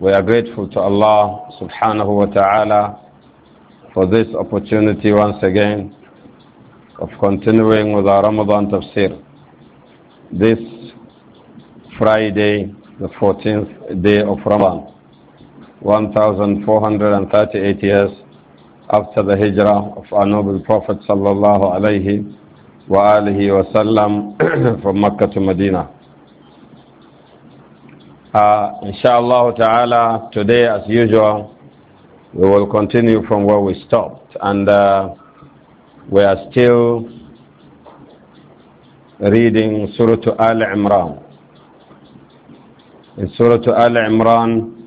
We are grateful to Allah subhanahu wa ta'ala for this opportunity once again of continuing with our Ramadan tafsir. This Friday, the 14th day of Ramadan, 1438 years after the hijrah of our noble Prophet sallallahu alayhi wa alihi wa sallam from Mecca to Medina. Uh, inshallah ta'ala, today as usual, we will continue from where we stopped. And uh, we are still reading Surah Al-Imran. In Surah Al-Imran,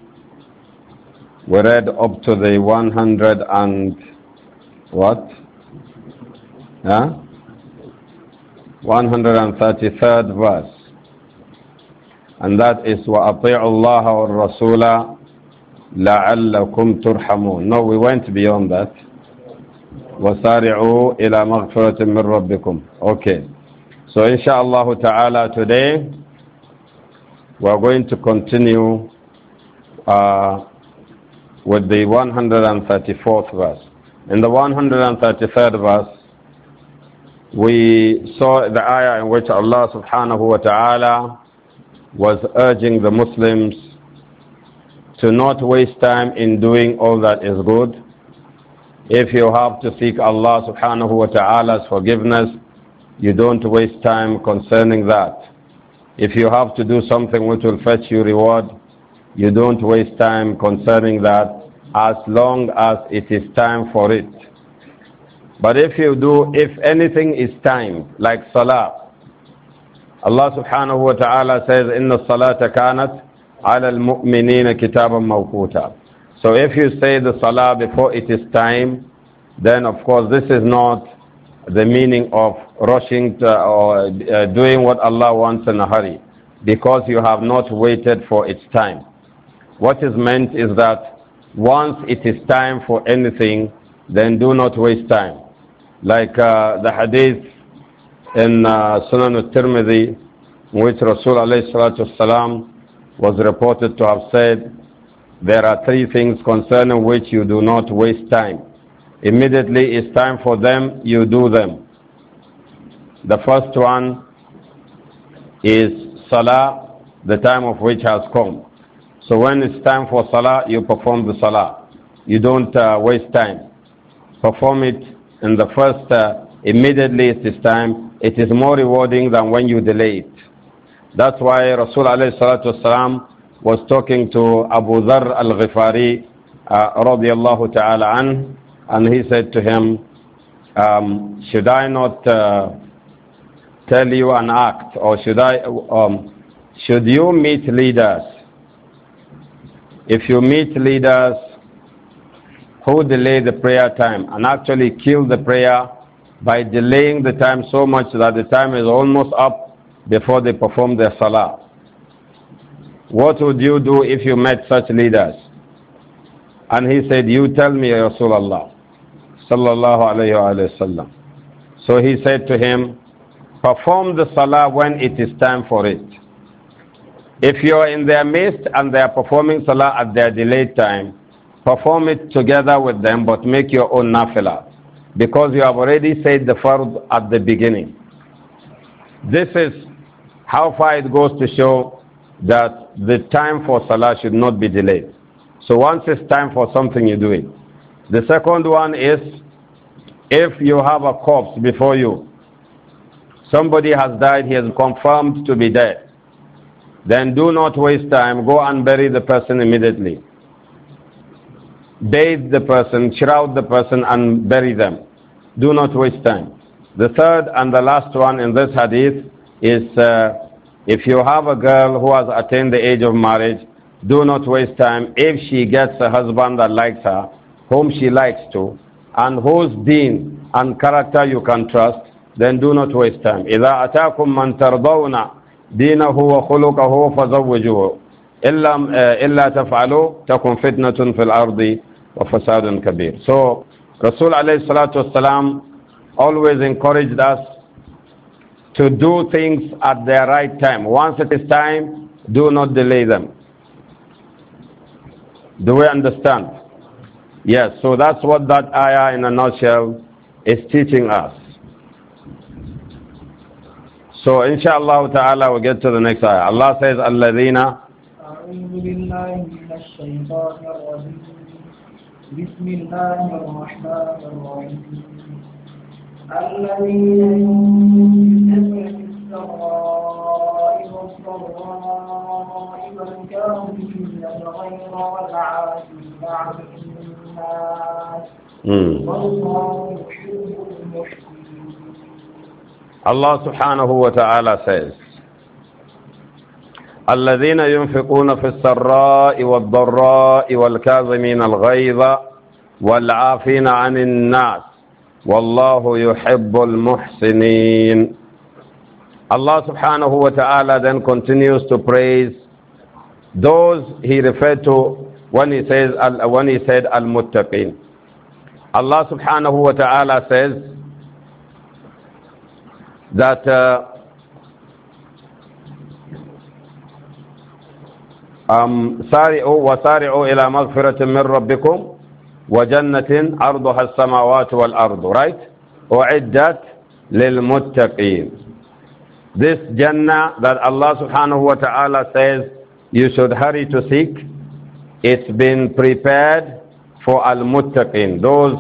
we read up to the 100 and what? Huh? 133rd verse and that is وَأَطِيعُ اللَّهَ وَالرَّسُولَ لَعَلَّكُمْ تُرْحَمُونَ No, we went beyond that. وَسَارِعُوا إِلَى مَغْفِرَةٍ مِّن رَبِّكُمْ Okay. So insha'Allah ta'ala today we are going to continue uh, with the 134th verse. In the 133rd verse, we saw the ayah in which Allah subhanahu wa ta'ala was urging the Muslims to not waste time in doing all that is good. If you have to seek Allah subhanahu wa ta'ala's forgiveness, you don't waste time concerning that. If you have to do something which will fetch you reward, you don't waste time concerning that as long as it is time for it. But if you do, if anything is time, like salah, Allah subhanahu wa ta'ala says, Inna salata kanat ala al-mu'minina kitaban mawquta. So if you say the salah before it is time, then of course this is not the meaning of rushing to, or uh, doing what Allah wants in a hurry because you have not waited for its time. What is meant is that once it is time for anything, then do not waste time. Like uh, the hadith in uh, Sunan al-Tirmidhi, which Rasul alayhi was reported to have said, there are three things concerning which you do not waste time. Immediately it's time for them, you do them. The first one is Salah, the time of which has come. So when it's time for Salah, you perform the Salah. You don't uh, waste time. Perform it in the first, uh, immediately it is time, it is more rewarding than when you delay it. That's why Rasulullah alayhi was talking to Abu Dhar al-Ghifari uh, and he said to him, um, should I not uh, tell you an act or should I, um, should you meet leaders? If you meet leaders who delay the prayer time and actually kill the prayer by delaying the time so much that the time is almost up before they perform their salah. What would you do if you met such leaders? And he said, You tell me, Rasulullah. Sallallahu alayhi wasallam. So he said to him, Perform the salah when it is time for it. If you are in their midst and they are performing salah at their delayed time, perform it together with them, but make your own nafilah because you have already said the fard at the beginning. This is how far it goes to show that the time for salah should not be delayed. So once it's time for something, you do it. The second one is if you have a corpse before you, somebody has died, he is confirmed to be dead, then do not waste time, go and bury the person immediately bathe the person, shroud the person, and bury them. Do not waste time. The third and the last one in this hadith is uh, if you have a girl who has attained the age of marriage, do not waste time. If she gets a husband that likes her, whom she likes to, and whose deen and character you can trust, then do not waste time. إذا أتاكم من ترضون دينه وخلقه فزوجوه إلا تفعلوا تكن فتنة في الأرض وَفَسَادٌ كَبِيرٌ So Rasulullah alayhi salatu wasalam always encouraged us to do things at the right time. Once it is time, do not delay them. Do we understand? Yes, so that's what that ayah in a nutshell is teaching us. So inshallah ta'ala we'll get to the next ayah. Allah says, Alladina. بسم الله الرحمن الرحيم الذين ينفقون في السراء والضراء من كانوا والعافين عن الناس hmm. والله يحب المحسنين الله سبحانه وتعالى says الذين ينفقون في السراء والضراء والكاظمين الغيظ والعافين عن الناس والله يحب المحسنين Allah subhanahu wa ta'ala then continues to praise those he referred to when he says when he said al muttaqeen Allah subhanahu wa ta'ala says that uh, أم سارعوا وسارعوا إلى مغفرة من ربكم وجنة عرضها السماوات والأرض right أعدت للمتقين this Jannah that Allah subhanahu wa ta'ala says you should hurry to seek it's been prepared for al-muttaqin those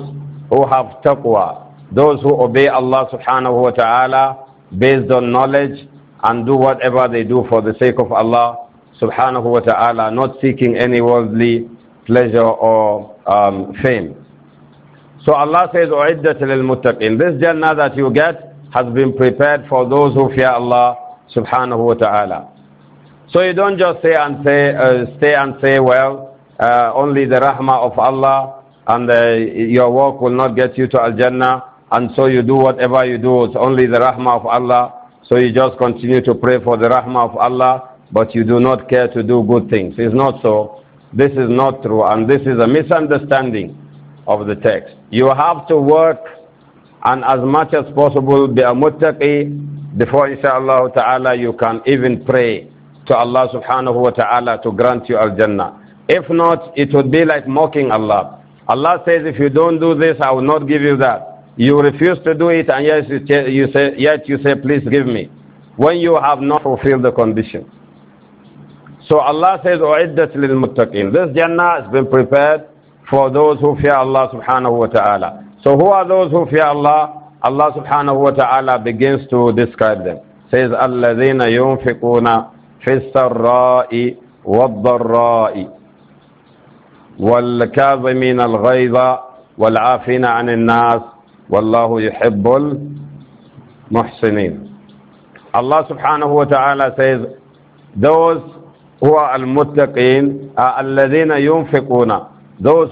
who have taqwa those who obey Allah subhanahu wa ta'ala based on knowledge and do whatever they do for the sake of Allah subhanahu wa ta'ala, not seeking any worldly pleasure or um, fame. So Allah says, أُعِدَّةِ لِلْمُتَّقِينَ This Jannah that you get has been prepared for those who fear Allah subhanahu wa ta'ala. So you don't just say and say, uh, stay and say, well, uh, only the rahmah of Allah and uh, your work will not get you to Al-Jannah and so you do whatever you do, it's only the rahmah of Allah. So you just continue to pray for the rahmah of Allah but you do not care to do good things. It's not so. This is not true, and this is a misunderstanding of the text. You have to work, and as much as possible, be a muttaqi, before Inshallah ta'ala you can even pray to Allah subhanahu wa ta'ala to grant you al-jannah. If not, it would be like mocking Allah. Allah says, if you don't do this, I will not give you that. You refuse to do it, and yet you say, yet you say please give me. When you have not fulfilled the conditions. So Allah says, "Oiddat lil muttaqin." This Jannah has been prepared for those who fear Allah subhanahu wa ta'ala. So who are those who fear Allah? Allah subhanahu wa ta'ala begins to describe them. Says, fi al-sarai "Al-ladina الَّذِينَ يُنْفِقُونَ فِي السَّرَّاءِ وَالضَّرَّاءِ وَالْكَاظِمِينَ الْغَيْظَ وَالْعَافِينَ عَنِ النَّاسِ وَاللَّهُ yuhibbul muhsinin. Allah subhanahu wa ta'ala says, those Those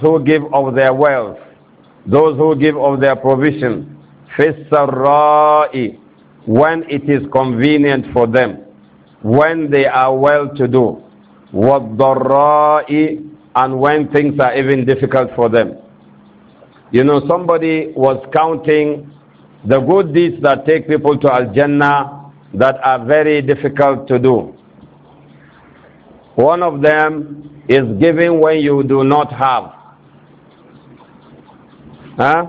who give of their wealth, those who give of their provision, fisarra'i, when it is convenient for them, when they are well to do, waddarra'i, and when things are even difficult for them. You know, somebody was counting the good deeds that take people to Al Jannah that are very difficult to do. One of them is giving when you do not have. Huh?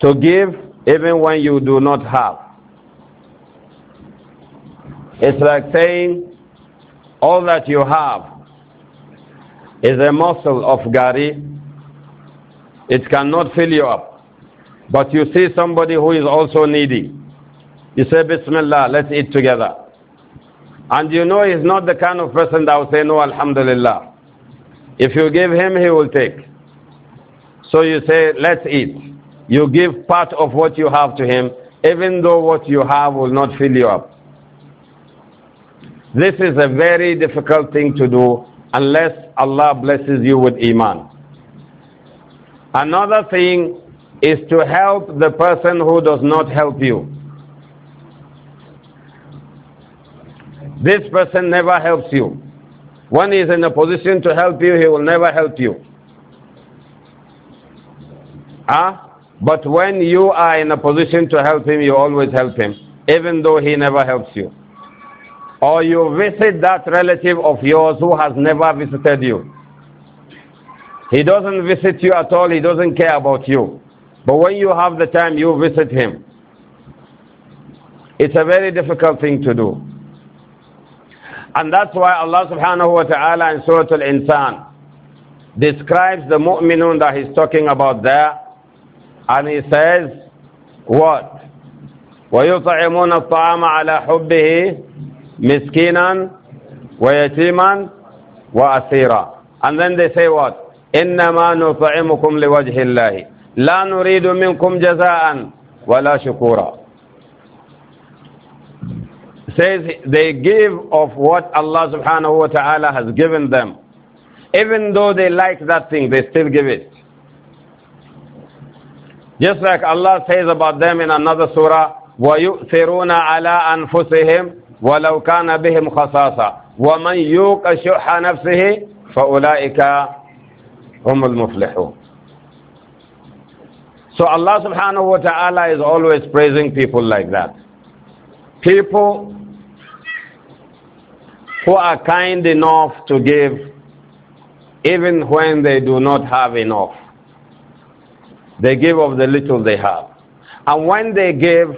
To give even when you do not have. It's like saying, all that you have is a muscle of gari. It cannot fill you up. But you see somebody who is also needy. You say, Bismillah, let's eat together. And you know he's not the kind of person that will say, no, alhamdulillah. If you give him, he will take. So you say, let's eat. You give part of what you have to him, even though what you have will not fill you up. This is a very difficult thing to do unless Allah blesses you with Iman. Another thing is to help the person who does not help you. This person never helps you. When he is in a position to help you, he will never help you. Ah, huh? But when you are in a position to help him, you always help him, even though he never helps you. Or you visit that relative of yours who has never visited you. He doesn't visit you at all, he doesn't care about you. But when you have the time, you visit him. It's a very difficult thing to do. And that's why Allah subhanahu wa ta'ala in Surah Al-Insan describes the mu'minun that he's talking about there. And he says, what? وَيُطْعِمُونَ الطَّعَامَ عَلَى حُبِّهِ مِسْكِينًا وَيَتِيمًا وَأَسِيرًا And then they say what? إِنَّمَا نُطْعِمُكُمْ لِوَجْهِ اللَّهِ لَا نُرِيدُ مِنْكُمْ جَزَاءً وَلَا شُكُورًا says they give of what Allah subhanahu wa ta'ala has given them. Even though they like that thing, they still give it. Just like Allah says about them in another surah, وَيُؤْثِرُونَ عَلَىٰ أَنفُسِهِمْ وَلَوْ كَانَ بِهِمْ wa وَمَنْ يُوقَ شُحَّ نَفْسِهِ فَأُولَٰئِكَ هُمُ الْمُفْلِحُونَ So Allah subhanahu wa ta'ala is always praising people like that. People who are kind enough to give even when they do not have enough. They give of the little they have. And when they give,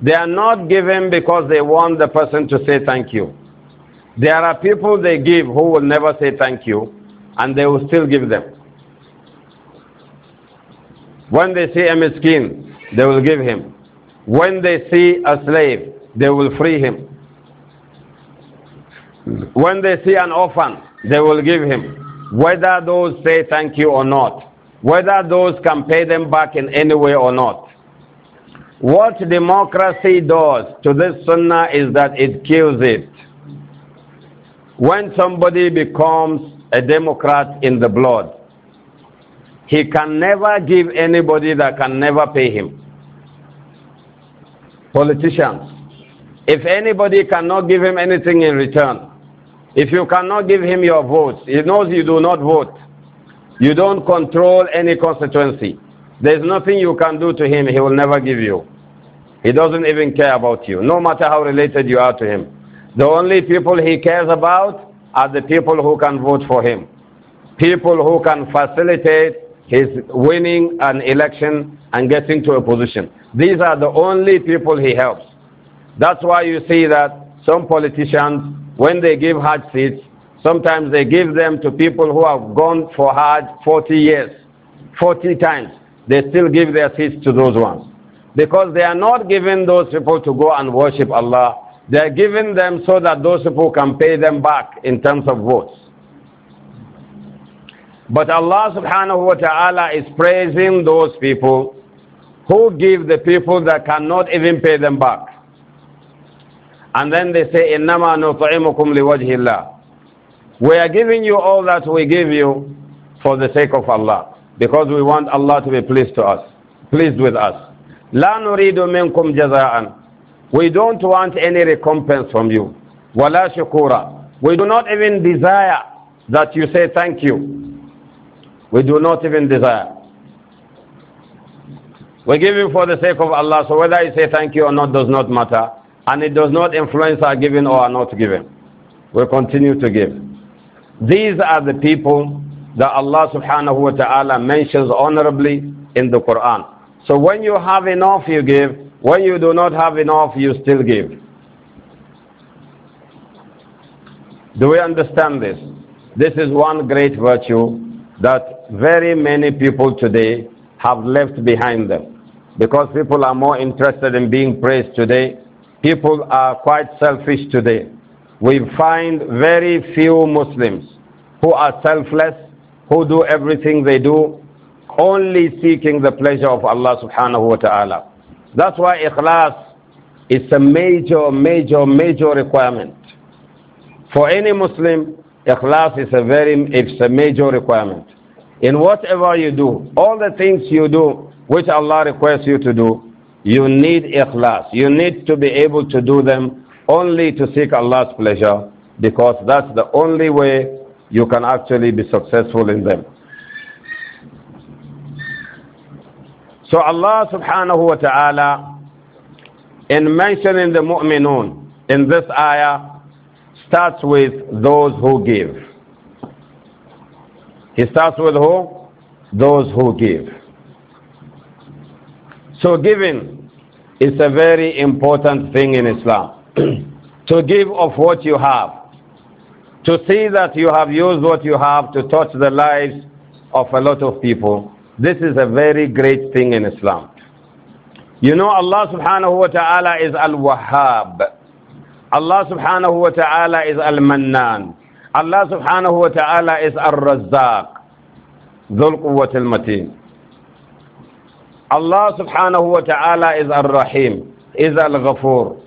they are not giving because they want the person to say thank you. There are people they give who will never say thank you, and they will still give them. When they see a miskin, they will give him. When they see a slave, they will free him. When they see an orphan, they will give him. Whether those say thank you or not, whether those can pay them back in any way or not. What democracy does to this sunnah is that it kills it. When somebody becomes a Democrat in the blood, he can never give anybody that can never pay him. Politicians. If anybody cannot give him anything in return, if you cannot give him your votes, he knows you do not vote. You don't control any constituency. There's nothing you can do to him, he will never give you. He doesn't even care about you, no matter how related you are to him. The only people he cares about are the people who can vote for him, people who can facilitate his winning an election and getting to a position. These are the only people he helps. That's why you see that some politicians when they give hard seats, sometimes they give them to people who have gone for hard 40 years, 40 times. They still give their seats to those ones. Because they are not giving those people to go and worship Allah. They are giving them so that those people can pay them back in terms of votes. But Allah subhanahu wa ta'ala is praising those people who give the people that cannot even pay them back. And then they say, إِنَّمَا نُطْعِمُكُمْ لِوَجْهِ اللَّهِ We are giving you all that we give you for the sake of Allah. Because we want Allah to be pleased to us, pleased with us. لَا نُرِيدُ مِنْكُمْ جَزَاءً We don't want any recompense from you. وَلَا shukura. We do not even desire that you say thank you. We do not even desire. We give you for the sake of Allah, so whether you say thank you or not does not matter and it does not influence our giving or our not giving. We continue to give. These are the people that Allah subhanahu wa ta'ala mentions honorably in the Quran. So when you have enough, you give. When you do not have enough, you still give. Do we understand this? This is one great virtue that very many people today have left behind them. Because people are more interested in being praised today people are quite selfish today. We find very few Muslims who are selfless, who do everything they do, only seeking the pleasure of Allah subhanahu wa ta'ala. That's why ikhlas is a major, major, major requirement. For any Muslim, ikhlas is a very, it's a major requirement. In whatever you do, all the things you do, which Allah requests you to do, you need ikhlas. You need to be able to do them only to seek Allah's pleasure because that's the only way you can actually be successful in them. So Allah subhanahu wa ta'ala in mentioning the mu'minun in this ayah starts with those who give. He starts with who? Those who give. So giving is a very important thing in Islam. to give of what you have. To see that you have used what you have to touch the lives of a lot of people. This is a very great thing in Islam. You know Allah subhanahu wa ta'ala is al-Wahhab. Allah subhanahu wa ta'ala is al-Mannan. Allah subhanahu wa ta'ala is al-Razzaq. Dhul Quwwat al-Mateen. Allah subhanahu wa ta'ala is ar rahim is al-Ghafur,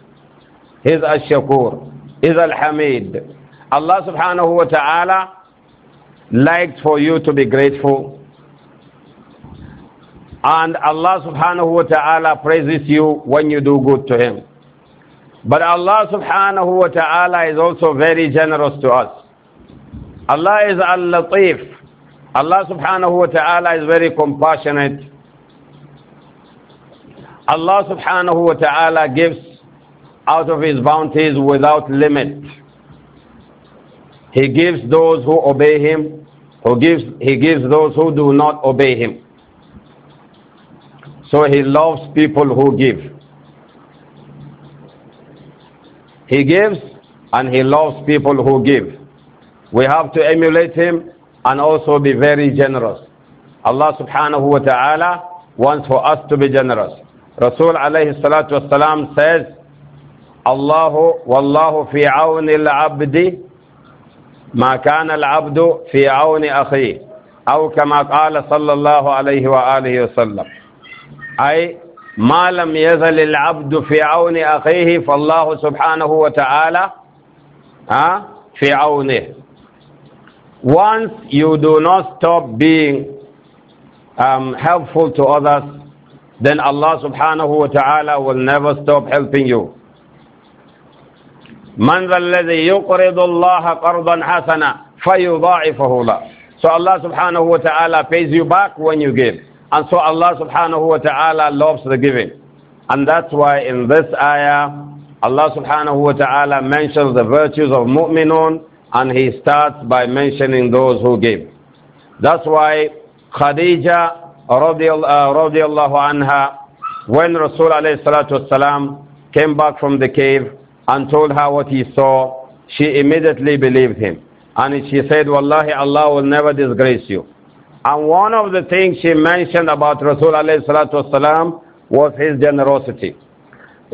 is al-Shakur, is al-Hamid. Allah subhanahu wa ta'ala likes for you to be grateful. And Allah subhanahu wa ta'ala praises you when you do good to Him. But Allah subhanahu wa ta'ala is also very generous to us. Allah is al-Latif. Allah subhanahu wa ta'ala is very compassionate Allah subhanahu wa ta'ala gives out of His bounties without limit. He gives those who obey Him, who gives, He gives those who do not obey Him. So He loves people who give. He gives and He loves people who give. We have to emulate Him and also be very generous. Allah subhanahu wa ta'ala wants for us to be generous. Rasul alayhi salatu wasalam says, Allahu wallahu fi awni al-abdi ma kana al-abdu fi awni akhi أو كما قال صلى الله عليه وآله وسلم أي ما لم يزل العبد في عون أخيه فالله سبحانه وتعالى في عونه Once you do not stop being um, helpful to others, then Allah subhanahu wa ta'ala will never stop helping you. من ذا الذي يقرض الله قرضا حسنا فيضاعفه له So Allah subhanahu wa ta'ala pays you back when you give. And so Allah subhanahu wa ta'ala loves the giving. And that's why in this ayah, Allah subhanahu wa ta'ala mentions the virtues of mu'minun and he starts by mentioning those who give. That's why Khadija. Uh, radiallahu anha, when Rasul alayhi salatu wasalam came back from the cave and told her what he saw, she immediately believed him. And she said, Wallahi, Allah will never disgrace you. And one of the things she mentioned about Rasul alayhi salatu wasalam was his generosity.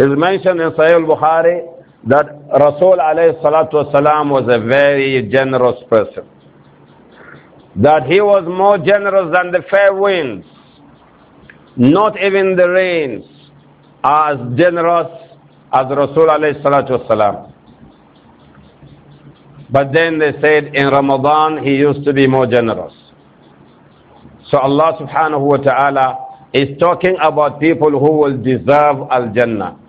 It's mentioned in Sahih al-Bukhari that Rasul alayhi salatu wasalam was a very generous person that he was more generous than the fair winds, not even the rains, as generous as Rasul alayhi salatu wasalam. But then they said in Ramadan he used to be more generous. So Allah subhanahu wa ta'ala is talking about people who will deserve Al Jannah.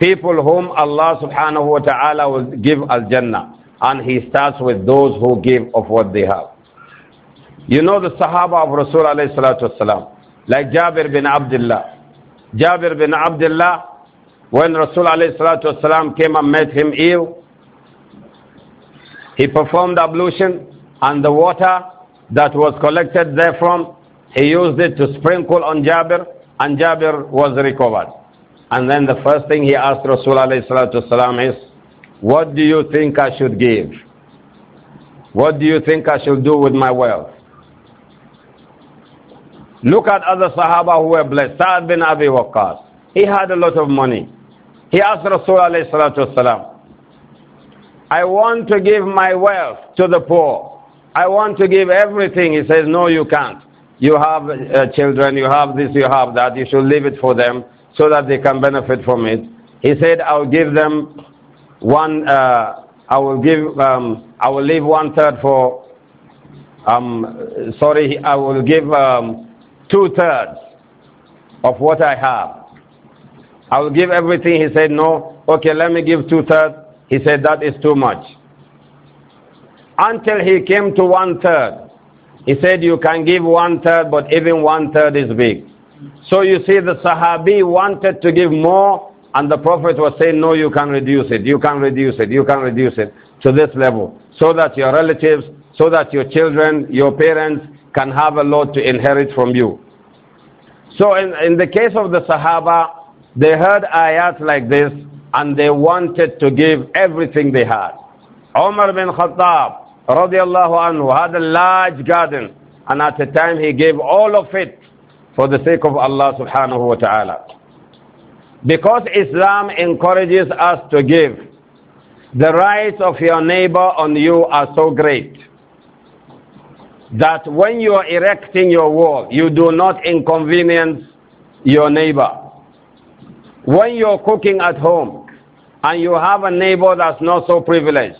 People whom Allah subhanahu wa ta'ala will give Al Jannah. And he starts with those who give of what they have. You know the Sahaba of Rasul alayhi salatu wasalam, like Jabir bin Abdullah. Jabir bin Abdullah, when Rasul alayhi salatu wasalam came and met him ill, he performed ablution and the water that was collected therefrom, he used it to sprinkle on Jabir and Jabir was recovered. And then the first thing he asked Rasul alayhi salatu wasalam is, what do you think I should give? What do you think I should do with my wealth? Look at other Sahaba who were blessed. Sa'ad bin Abi Waqqas. He had a lot of money. He asked Rasulullah I want to give my wealth to the poor. I want to give everything. He says, no, you can't. You have uh, children, you have this, you have that. You should leave it for them so that they can benefit from it. He said, I'll give them one, uh, I will give, um, I will leave one third for, um, sorry, I will give, um, two thirds of what I have. I will give everything. He said, No. Okay, let me give two thirds. He said, That is too much. Until he came to one third. He said, You can give one third, but even one third is big. So you see, the Sahabi wanted to give more, and the Prophet was saying, No, you can reduce it, you can reduce it, you can reduce it to this level, so that your relatives, so that your children, your parents, can have a lot to inherit from you. So in, in the case of the Sahaba, they heard ayat like this and they wanted to give everything they had. Omar bin Khattab, radiallahu anhu, had a large garden and at the time he gave all of it for the sake of Allah subhanahu wa ta'ala. Because Islam encourages us to give, the rights of your neighbor on you are so great that when you are erecting your wall, you do not inconvenience your neighbor. When you're cooking at home and you have a neighbor that's not so privileged,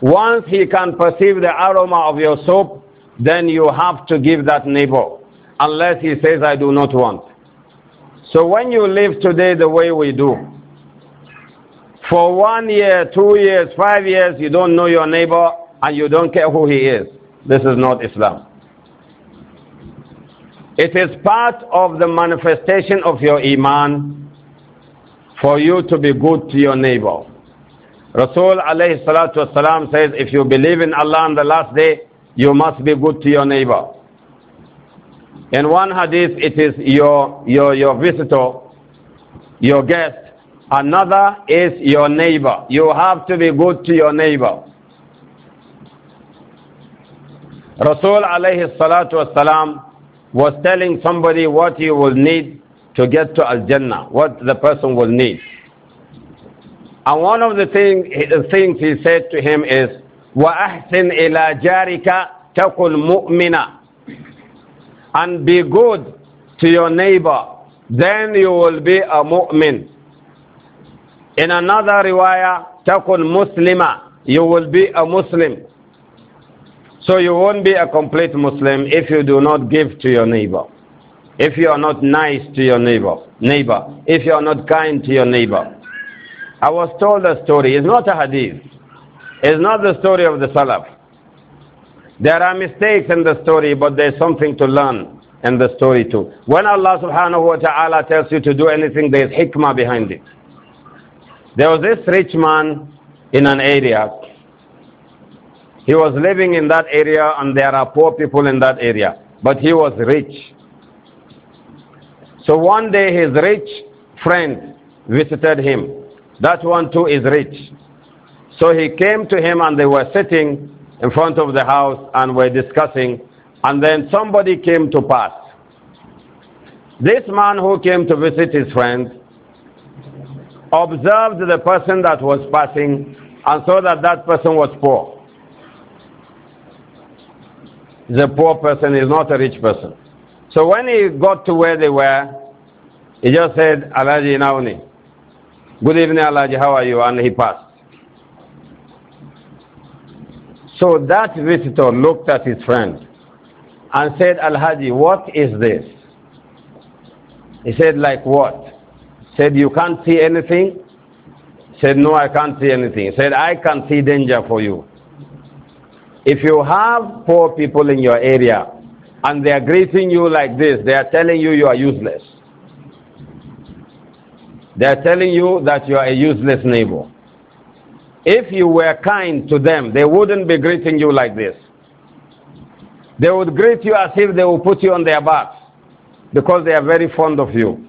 once he can perceive the aroma of your soup, then you have to give that neighbor, unless he says, I do not want. So when you live today the way we do, for one year, two years, five years, you don't know your neighbor and you don't care who he is. This is not Islam. It is part of the manifestation of your Iman for you to be good to your neighbor. Rasul alayhi salatu wasalam says, if you believe in Allah on the last day, you must be good to your neighbor. In one hadith, it is your, your, your visitor, your guest. Another is your neighbor. You have to be good to your neighbor. Rasul alayhi salatu wasalam was telling somebody what he will need to get to Al Jannah, what the person will need. And one of the, thing, things he said to him is, وَأَحْسِنْ إِلَى جَارِكَ تَقُلْ مُؤْمِنًا And be good to your neighbor, then you will be a mu'min. In another riwayah, تَقُلْ muslima, You will be a Muslim. So you won't be a complete Muslim if you do not give to your neighbor. If you are not nice to your neighbor, neighbor, if you are not kind to your neighbor. I was told a story. It's not a hadith. It's not the story of the Salaf. There are mistakes in the story, but there's something to learn in the story too. When Allah subhanahu wa ta'ala tells you to do anything, there's hikmah behind it. There was this rich man in an area he was living in that area and there are poor people in that area, but he was rich. So one day his rich friend visited him. That one too is rich. So he came to him and they were sitting in front of the house and were discussing. And then somebody came to pass. This man who came to visit his friend observed the person that was passing and saw that that person was poor. He's a poor person, is not a rich person. So when he got to where they were, he just said, Alaji Nauni. Good evening, Alaji, how are you? And he passed. So that visitor looked at his friend and said, Alhaji, what is this? He said, like what? Said, you can't see anything? Said, no, I can't see anything. Said, I can see danger for you. If you have poor people in your area and they are greeting you like this, they are telling you you are useless. They are telling you that you are a useless neighbor. If you were kind to them, they wouldn't be greeting you like this. They would greet you as if they would put you on their backs because they are very fond of you.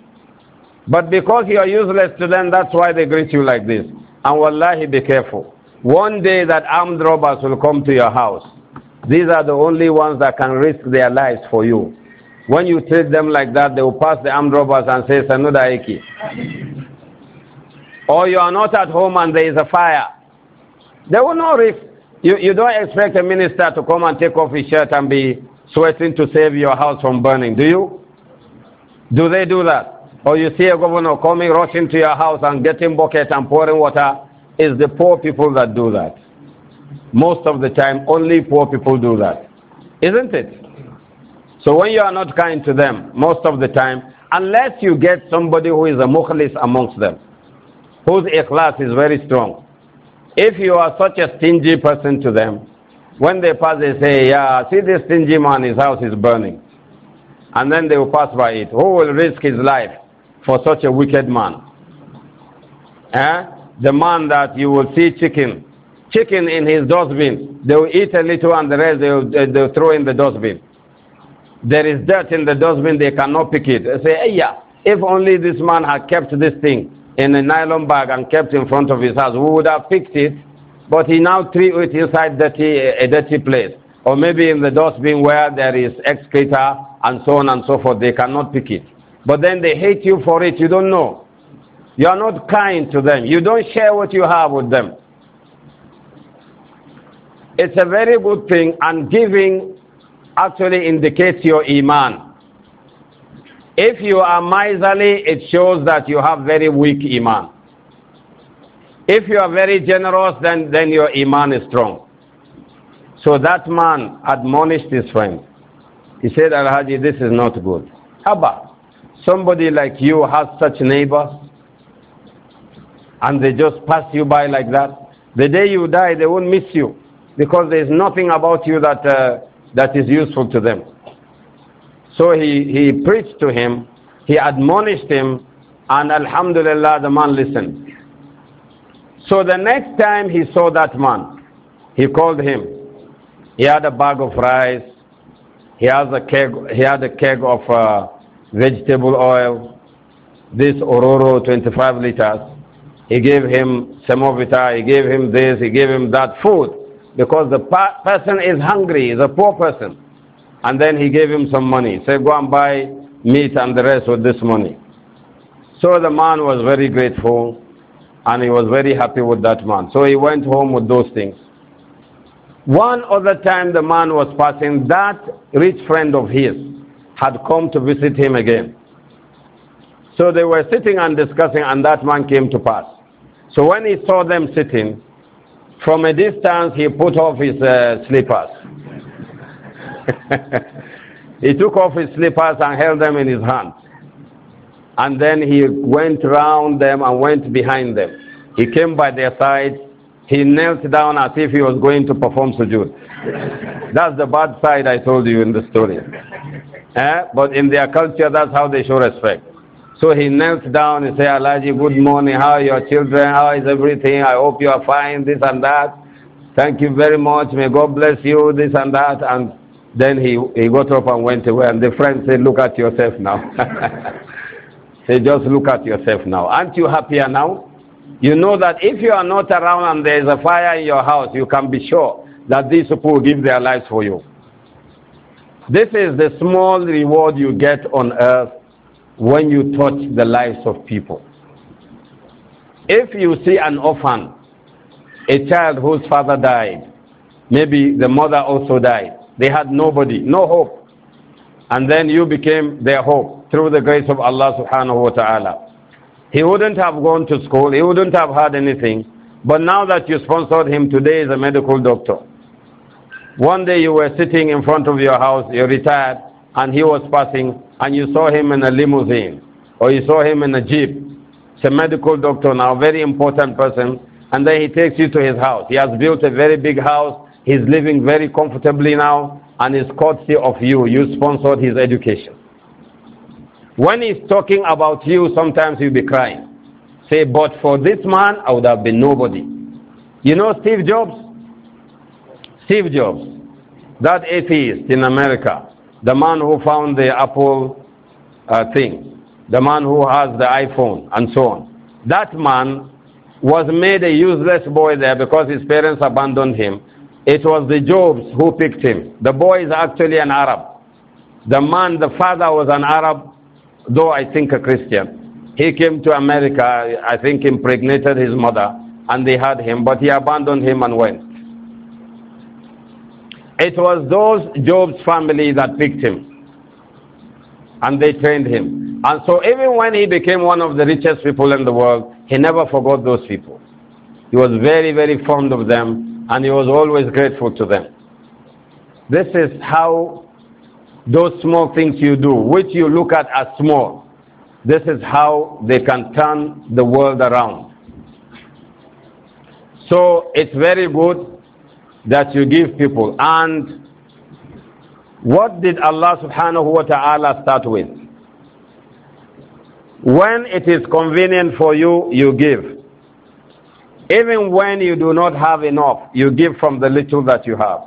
But because you are useless to them, that's why they greet you like this. And wallahi, be careful. One day that armed robbers will come to your house. These are the only ones that can risk their lives for you. When you treat them like that, they will pass the armed robbers and say, Sanuda Eki. Or you are not at home and there is a fire. They will not risk. You, you don't expect a minister to come and take off his shirt and be sweating to save your house from burning, do you? Do they do that? Or you see a governor coming, rushing to your house and getting bucket and pouring water is the poor people that do that. Most of the time, only poor people do that. Isn't it? So when you are not kind to them, most of the time, unless you get somebody who is a mukhlis amongst them, whose ikhlas is very strong, if you are such a stingy person to them, when they pass, they say, Yeah, see this stingy man, his house is burning. And then they will pass by it. Who will risk his life for such a wicked man? Eh? the man that you will see chicken, chicken in his dustbin. They will eat a little and the rest they will, they will throw in the dustbin. There is dirt in the dustbin, they cannot pick it. They say, hey, yeah, if only this man had kept this thing in a nylon bag and kept in front of his house, we would have picked it, but he now threw it inside dirty, a dirty place. Or maybe in the dustbin where there is excreta and so on and so forth. They cannot pick it. But then they hate you for it. You don't know. You are not kind to them. You don't share what you have with them. It's a very good thing, and giving actually indicates your iman. If you are miserly, it shows that you have very weak iman. If you are very generous, then, then your iman is strong. So that man admonished his friend. He said, Al-Haji, this is not good. How about somebody like you has such neighbors and they just pass you by like that. The day you die, they won't miss you because there is nothing about you that, uh, that is useful to them. So he, he preached to him, he admonished him, and Alhamdulillah, the man listened. So the next time he saw that man, he called him. He had a bag of rice, he, has a keg, he had a keg of uh, vegetable oil, this Ororo 25 liters he gave him semovita, he gave him this, he gave him that food. Because the person is hungry, He's a poor person. And then he gave him some money. Say, go and buy meat and the rest with this money. So the man was very grateful and he was very happy with that man. So he went home with those things. One other time the man was passing, that rich friend of his had come to visit him again. So they were sitting and discussing, and that man came to pass. So when he saw them sitting, from a distance he put off his uh, slippers. he took off his slippers and held them in his hand. And then he went round them and went behind them. He came by their side. He knelt down as if he was going to perform sujood. that's the bad side I told you in the story. Eh? But in their culture, that's how they show respect. So he knelt down and said, Alaji, good morning. How are your children? How is everything? I hope you are fine, this and that. Thank you very much. May God bless you, this and that. And then he, he got up and went away. And the friend said, Look at yourself now. say, Just look at yourself now. Aren't you happier now? You know that if you are not around and there is a fire in your house, you can be sure that these people will give their lives for you. This is the small reward you get on earth when you touch the lives of people. If you see an orphan, a child whose father died, maybe the mother also died, they had nobody, no hope. And then you became their hope through the grace of Allah subhanahu wa ta'ala. He wouldn't have gone to school, he wouldn't have had anything. But now that you sponsored him today is a medical doctor. One day you were sitting in front of your house, you retired, and he was passing and you saw him in a limousine or you saw him in a jeep, it's a medical doctor now, very important person, and then he takes you to his house. He has built a very big house, he's living very comfortably now, and is courtesy of you. You sponsored his education. When he's talking about you, sometimes you'll be crying. Say, but for this man, I would have been nobody. You know Steve Jobs? Steve Jobs, that atheist in America the man who found the Apple uh, thing, the man who has the iPhone, and so on. That man was made a useless boy there because his parents abandoned him. It was the Jobs who picked him. The boy is actually an Arab. The man, the father was an Arab, though I think a Christian. He came to America, I think impregnated his mother, and they had him, but he abandoned him and went. It was those Job's family that picked him. And they trained him. And so even when he became one of the richest people in the world, he never forgot those people. He was very, very fond of them and he was always grateful to them. This is how those small things you do, which you look at as small, this is how they can turn the world around. So it's very good that you give people. And what did Allah subhanahu wa ta'ala start with? When it is convenient for you, you give. Even when you do not have enough, you give from the little that you have.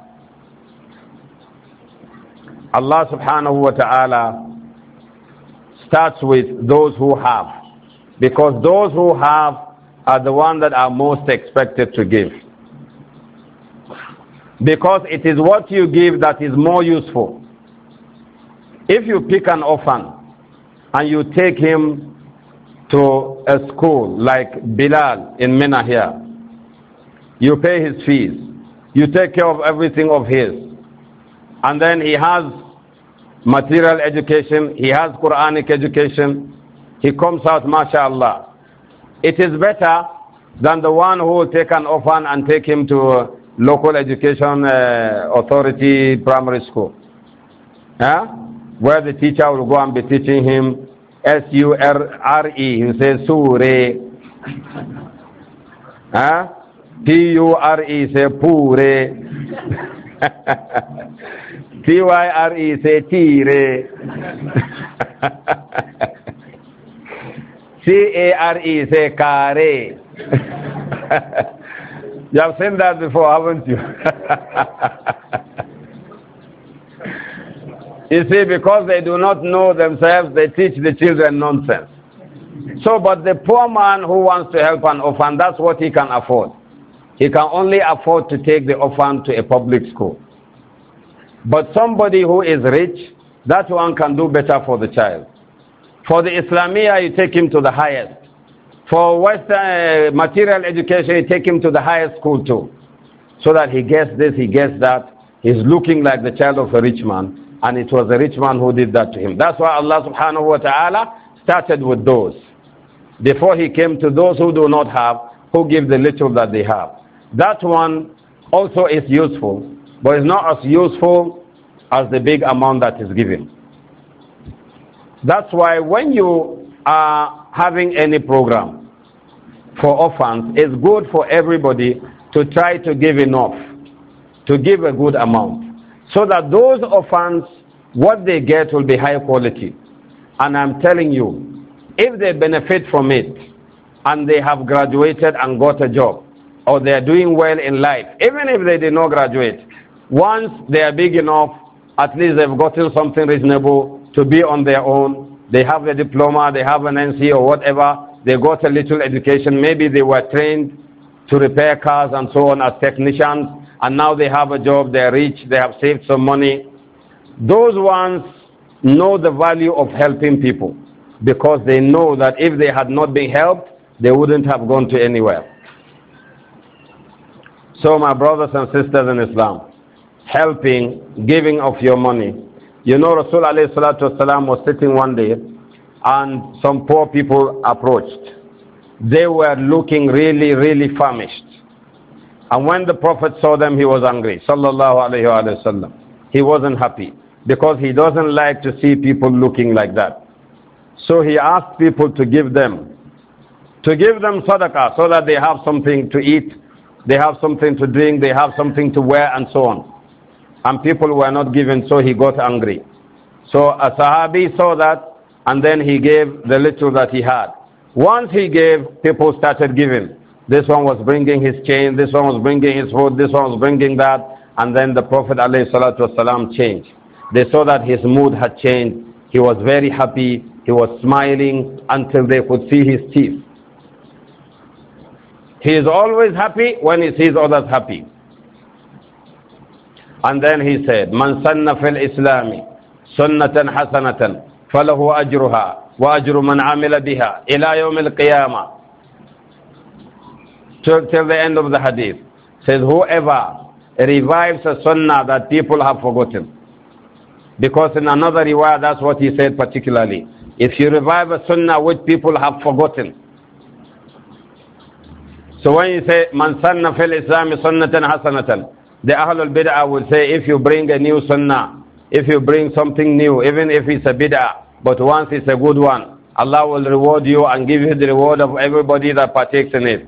Allah subhanahu wa ta'ala starts with those who have. Because those who have are the ones that are most expected to give. Because it is what you give that is more useful. If you pick an orphan and you take him to a school like Bilal in Mina here, you pay his fees, you take care of everything of his, and then he has material education, he has Quranic education, he comes out, mashallah. It is better than the one who will take an orphan and take him to local education uh, authority primary school. yeah, Where the teacher will go and be teaching him S U R R E. He says Sure. huh? P U R E say Pure. T Y R E say Tire. C A R E say Kare. You have seen that before, haven't you? you see, because they do not know themselves, they teach the children nonsense. So, but the poor man who wants to help an orphan, that's what he can afford. He can only afford to take the orphan to a public school. But somebody who is rich, that one can do better for the child. For the Islamia, you take him to the highest. For Western uh, material education, you take him to the higher school too, so that he gets this, he gets that. He's looking like the child of a rich man, and it was a rich man who did that to him. That's why Allah subhanahu wa ta'ala started with those. Before he came to those who do not have, who give the little that they have. That one also is useful, but it's not as useful as the big amount that is given. That's why when you are having any program for orphans, it's good for everybody to try to give enough, to give a good amount, so that those orphans, what they get will be high quality. And I'm telling you, if they benefit from it and they have graduated and got a job, or they are doing well in life, even if they did not graduate, once they are big enough, at least they've gotten something reasonable to be on their own they have a diploma, they have an NC or whatever. They got a little education. Maybe they were trained to repair cars and so on as technicians. And now they have a job, they're rich, they have saved some money. Those ones know the value of helping people because they know that if they had not been helped, they wouldn't have gone to anywhere. So, my brothers and sisters in Islam, helping, giving of your money, you know, Rasul alayhi salatu wasalam was sitting one day and some poor people approached. They were looking really, really famished. And when the Prophet saw them, he was angry. Sallallahu alayhi wa sallam. He wasn't happy because he doesn't like to see people looking like that. So he asked people to give them, to give them sadaqah so that they have something to eat, they have something to drink, they have something to wear, and so on and people were not given, so he got angry. So a Sahabi saw that and then he gave the little that he had. Once he gave, people started giving. This one was bringing his chain, this one was bringing his food, this one was bringing that, and then the Prophet ﷺ changed. They saw that his mood had changed. He was very happy, he was smiling until they could see his teeth. He is always happy when he sees others happy. And then he said, Man sanna في islami sunnatan hasanatan فله ajruha wa ajru man amila biha ila القيامة. qiyamah Till, till the end of the hadith. Says, whoever revives a sunnah that people have forgotten. Because in another riwayah, that's what he said particularly. If you revive a sunnah which people have forgotten. So when you say, Man sanna fil islami sunnatan hasanatan. The Ahlul Bid'ah will say, if you bring a new sunnah, if you bring something new, even if it's a bid'ah, but once it's a good one, Allah will reward you and give you the reward of everybody that partakes in it.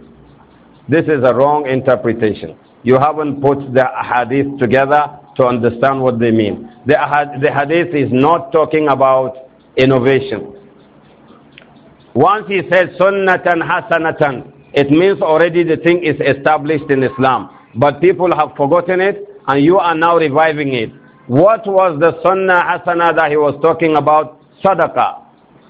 This is a wrong interpretation. You haven't put the hadith together to understand what they mean. The, the hadith is not talking about innovation. Once he says sunnatan hasanatan, it means already the thing is established in Islam. But people have forgotten it and you are now reviving it. What was the sunnah asana that he was talking about? Sadaqah.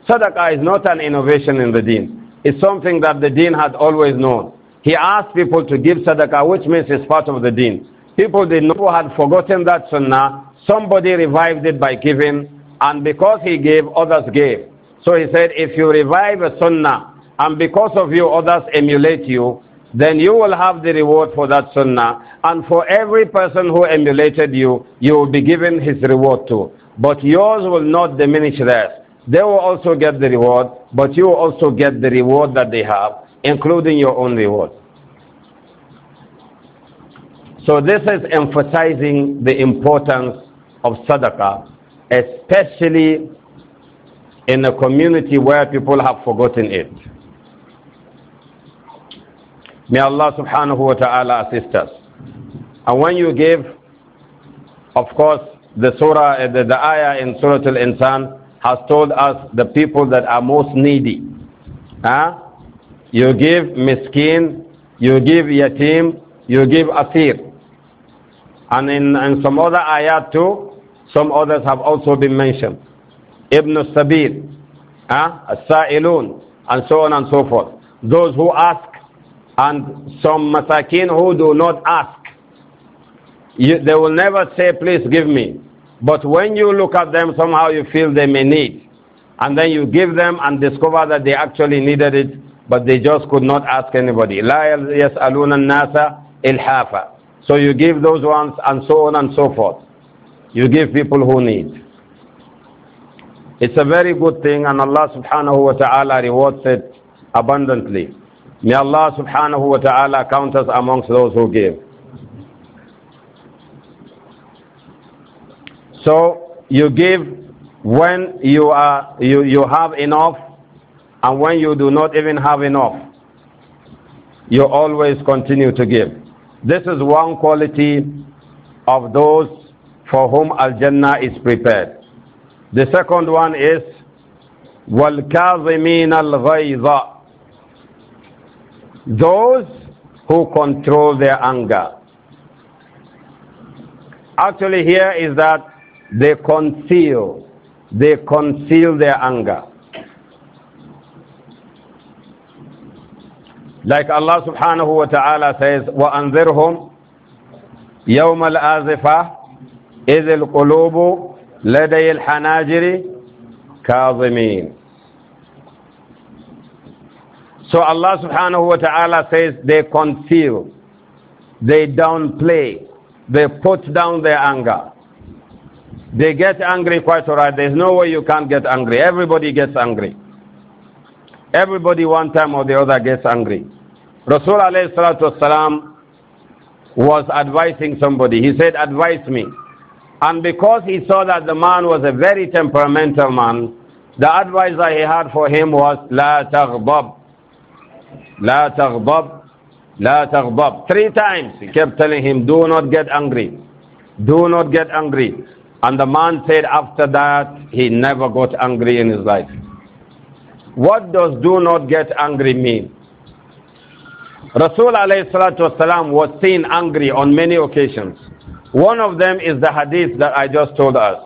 Sadaqah is not an innovation in the deen. It's something that the deen had always known. He asked people to give sadaqah, which means it's part of the deen. People did know had forgotten that sunnah. Somebody revived it by giving, and because he gave, others gave. So he said, if you revive a sunnah, and because of you, others emulate you, then you will have the reward for that sunnah. And for every person who emulated you, you will be given his reward too. But yours will not diminish theirs. They will also get the reward, but you will also get the reward that they have, including your own reward. So this is emphasizing the importance of sadaqah, especially in a community where people have forgotten it. May Allah subhanahu wa ta'ala assist us. And when you give, of course, the surah, uh, the, the ayah in Surah Al-Insan has told us the people that are most needy. Huh? You give miskin, you give yatim, you give asir. And in, in some other ayat too, some others have also been mentioned. Ibn Sabir, huh? As-Sa'ilun, and so on and so forth. Those who ask and some masakin who do not ask. You, they will never say, please give me. But when you look at them, somehow you feel they may need. And then you give them and discover that they actually needed it, but they just could not ask anybody. لا يسألون الناس إلحافا. So you give those ones and so on and so forth. You give people who need. It's a very good thing and Allah subhanahu wa ta'ala rewards it abundantly. May Allah subhanahu wa ta'ala count us amongst those who give. So you give when you, are, you, you have enough and when you do not even have enough. You always continue to give. This is one quality of those for whom Al Jannah is prepared. The second one is al الْغَيْظَ those who control their anger. Actually, here is that they conceal, they conceal their anger. Like Allah subhanahu wa ta'ala says, وَأَنذِرْهُمْ يَوْمَ الْآزِفَةِ إِذِ الْقُلُوبُ لَدَيِ الْحَنَاجِرِ كَاظِمِينَ so Allah subhanahu wa ta'ala says they conceal, they downplay, they put down their anger. They get angry quite alright. There's no way you can't get angry. Everybody gets angry. Everybody one time or the other gets angry. Rasul alayhi salatu wasalam was advising somebody. He said, advise me. And because he saw that the man was a very temperamental man, the advice that he had for him was, La taghdab, La تغضب, la تغضب. Three times he kept telling him, do not get angry. Do not get angry. And the man said after that, he never got angry in his life. What does do not get angry mean? Rasul والسلام, was seen angry on many occasions. One of them is the hadith that I just told us.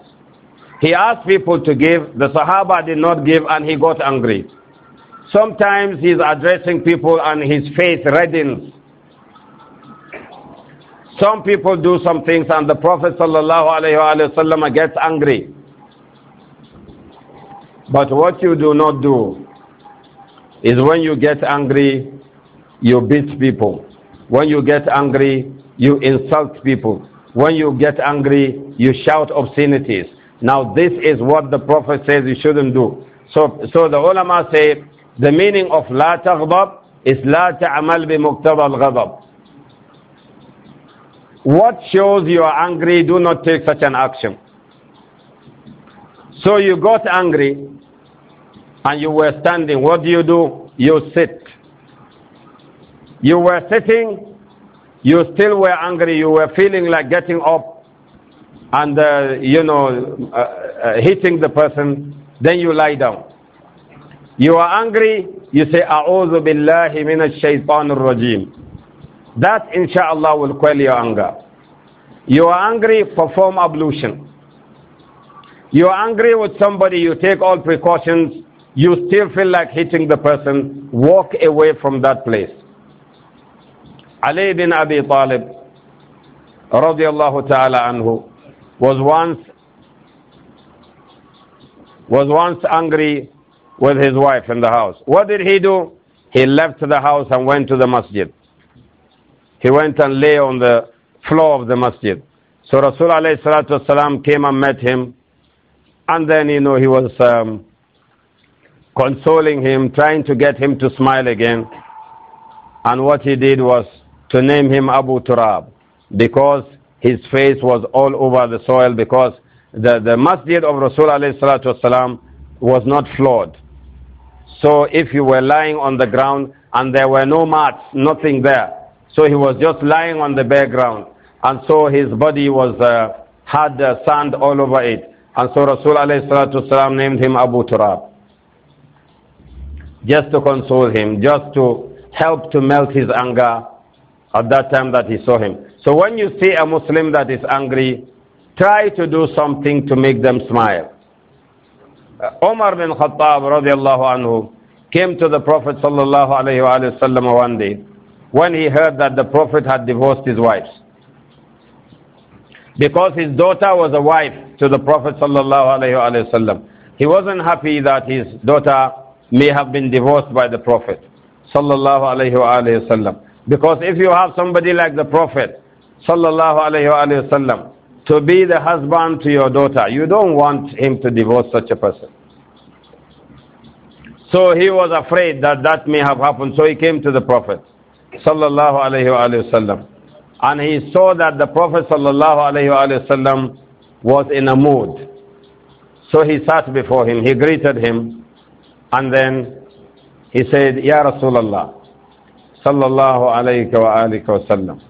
He asked people to give, the Sahaba did not give, and he got angry. Sometimes he's addressing people and his face reddens. Some people do some things and the Prophet ﷺ gets angry. But what you do not do is when you get angry, you beat people. When you get angry, you insult people. When you get angry, you shout obscenities. Now, this is what the Prophet says you shouldn't do. So, so the ulama say the meaning of la taghdab is la تعمل bi muqtada What shows you are angry, do not take such an action. So you got angry and you were standing. What do you do? You sit. You were sitting, you still were angry, you were feeling like getting up and, uh, you know, uh, uh, hitting the person, then you lie down. You are angry, you say, A'udhu billahi minash shaitanir rajim. That, inshallah, will quell your anger. You are angry, perform ablution. You are angry with somebody, you take all precautions, you still feel like hitting the person, walk away from that place. Ali bin Abi Talib, radiallahu ta'ala anhu, was once, was once angry with his wife in the house. What did he do? He left the house and went to the masjid. He went and lay on the floor of the masjid. So Rasul came and met him. And then, you know, he was um, consoling him, trying to get him to smile again. And what he did was to name him Abu Turab because his face was all over the soil because the, the masjid of Rasul was not flawed. So if you were lying on the ground and there were no mats, nothing there, so he was just lying on the bare ground. And so his body was, uh, had uh, sand all over it. And so Rasul والسلام, named him Abu Turab. Just to console him, just to help to melt his anger at that time that he saw him. So when you see a Muslim that is angry, try to do something to make them smile. Uh, Omar bin Khattab radiallahu anhu came to the Prophet sallallahu alayhi wasallam one day when he heard that the Prophet had divorced his wives. Because his daughter was a wife to the Prophet sallallahu alayhi wasallam. He wasn't happy that his daughter may have been divorced by the Prophet sallallahu alayhi wasallam. Because if you have somebody like the Prophet sallallahu alayhi wasallam to be the husband to your daughter. You don't want him to divorce such a person. So he was afraid that that may have happened. So he came to the Prophet sallallahu alaihi wasallam, and he saw that the Prophet sallallahu alaihi wasallam was in a mood. So he sat before him. He greeted him, and then he said, "Ya Rasulullah, sallallahu alaihi wasallam."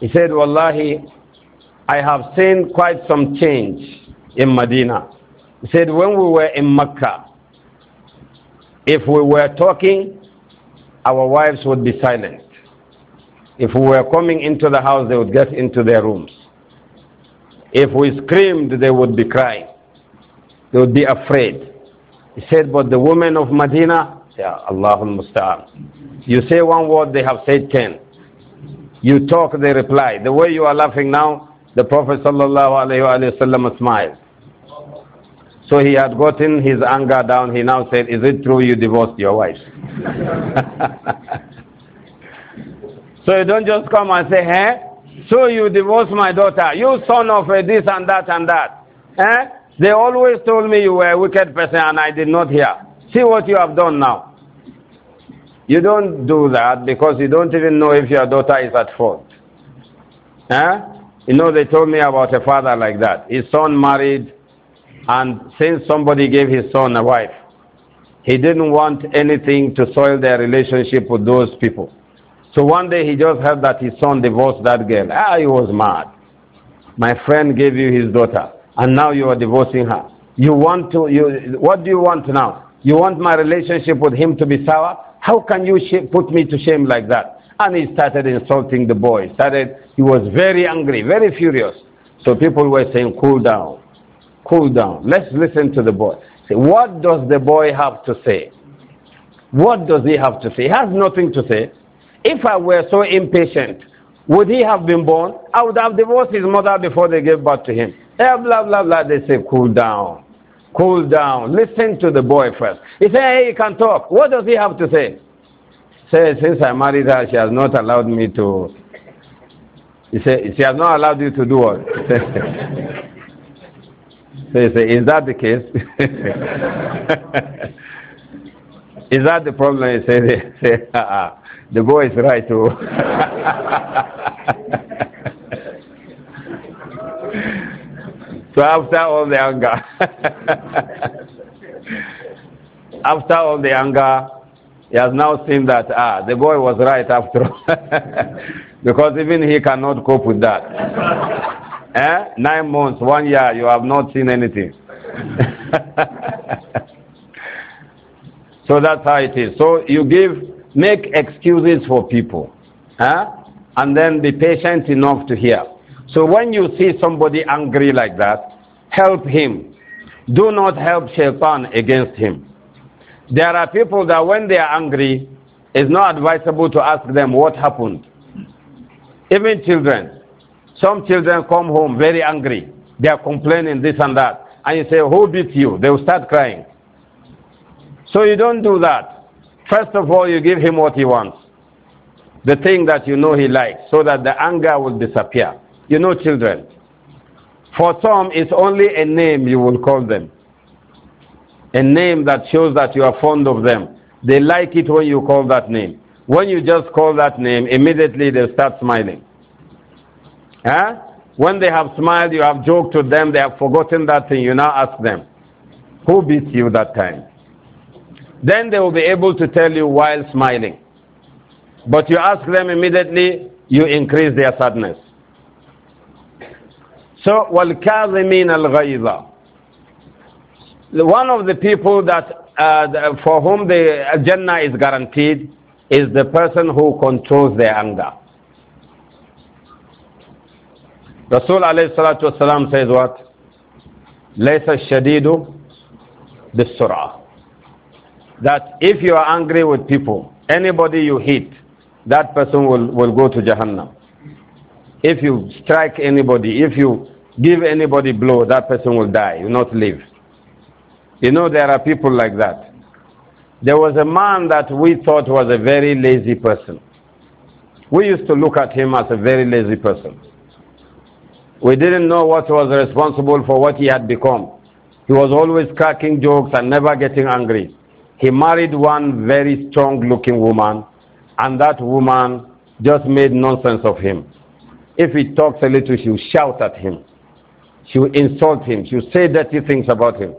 He said, "Wallahi." I have seen quite some change in Medina. He said, when we were in Mecca, if we were talking, our wives would be silent. If we were coming into the house, they would get into their rooms. If we screamed, they would be crying. They would be afraid. He said, but the women of Medina, yeah, Allahul Musta'an. You say one word, they have said ten. You talk, they reply. The way you are laughing now, the Prophet ﷺ smiled. So he had gotten his anger down. He now said, Is it true you divorced your wife? so you don't just come and say, Eh? So you divorced my daughter. You son of a this and that and that. Eh? They always told me you were a wicked person and I did not hear. See what you have done now. You don't do that because you don't even know if your daughter is at fault. Eh? You know, they told me about a father like that. His son married, and since somebody gave his son a wife, he didn't want anything to soil their relationship with those people. So one day he just heard that his son divorced that girl. Ah, he was mad. My friend gave you his daughter, and now you are divorcing her. You want to, you, what do you want now? You want my relationship with him to be sour? How can you put me to shame like that? And he started insulting the boy. Started, he was very angry, very furious. So people were saying, cool down, cool down. Let's listen to the boy. Say, what does the boy have to say? What does he have to say? He has nothing to say. If I were so impatient, would he have been born? I would have divorced his mother before they gave birth to him. Blah, eh, blah, blah, blah. They say, cool down. Cool down. Listen to the boy first. He say, hey, he can talk. What does he have to say? Say, since I married her, she has not allowed me to. He said, she has not allowed you to do what? so he said, is that the case? is that the problem? He said, he uh-uh. the boy is right too. so after all the anger, after all the anger, he has now seen that, ah, the boy was right after all. because even he cannot cope with that. eh? Nine months, one year, you have not seen anything. so that's how it is. So you give, make excuses for people. Eh? And then be patient enough to hear. So when you see somebody angry like that, help him. Do not help Shaitan against him. There are people that when they are angry, it's not advisable to ask them what happened. Even children. Some children come home very angry. They are complaining this and that. And you say, Who beat you? They will start crying. So you don't do that. First of all, you give him what he wants the thing that you know he likes, so that the anger will disappear. You know, children. For some, it's only a name you will call them a name that shows that you are fond of them. They like it when you call that name. When you just call that name, immediately they start smiling. Huh? When they have smiled, you have joked to them, they have forgotten that thing. You now ask them, Who beat you that time? Then they will be able to tell you while smiling. But you ask them immediately, you increase their sadness. So, وَالْكَاظِمِينَ الْغَيْظَ one of the people that uh, for whom the Jannah is guaranteed is the person who controls their anger. Rasul alayhi salatu wasalam says what? Laysa shadidu surah." That if you are angry with people, anybody you hit, that person will, will go to Jahannam. If you strike anybody, if you give anybody blow, that person will die, will not live. You know, there are people like that. There was a man that we thought was a very lazy person. We used to look at him as a very lazy person. We didn't know what was responsible for what he had become. He was always cracking jokes and never getting angry. He married one very strong looking woman, and that woman just made nonsense of him. If he talks a little, she'll shout at him. She'll insult him. She'll say dirty things about him.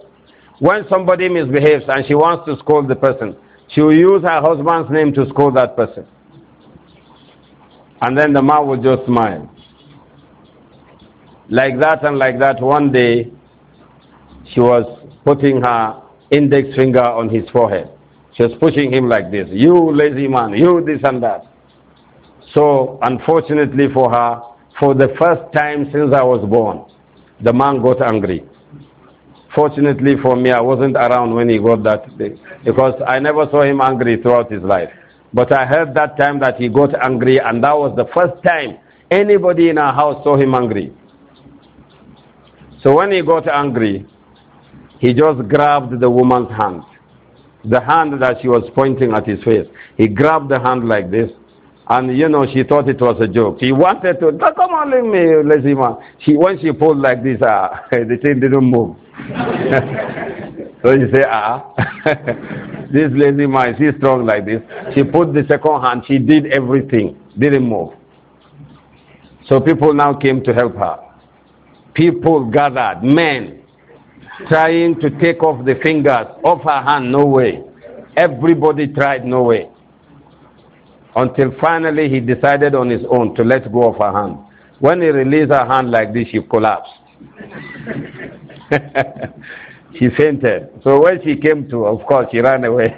When somebody misbehaves and she wants to scold the person, she will use her husband's name to scold that person. And then the man will just smile. Like that and like that, one day she was putting her index finger on his forehead. She was pushing him like this You lazy man, you this and that. So, unfortunately for her, for the first time since I was born, the man got angry. Fortunately for me, I wasn't around when he got that thing because I never saw him angry throughout his life. But I heard that time that he got angry, and that was the first time anybody in our house saw him angry. So when he got angry, he just grabbed the woman's hand, the hand that she was pointing at his face. He grabbed the hand like this, and you know, she thought it was a joke. She wanted to, come on, leave me, lazy man. She, when she pulled like this, uh, the thing didn't move. so you say, ah, this lazy man, she's strong like this. She put the second hand, she did everything, didn't move. So people now came to help her. People gathered, men, trying to take off the fingers off her hand, no way. Everybody tried, no way. Until finally he decided on his own to let go of her hand. When he released her hand like this, she collapsed she fainted. So when she came to, of course, she ran away.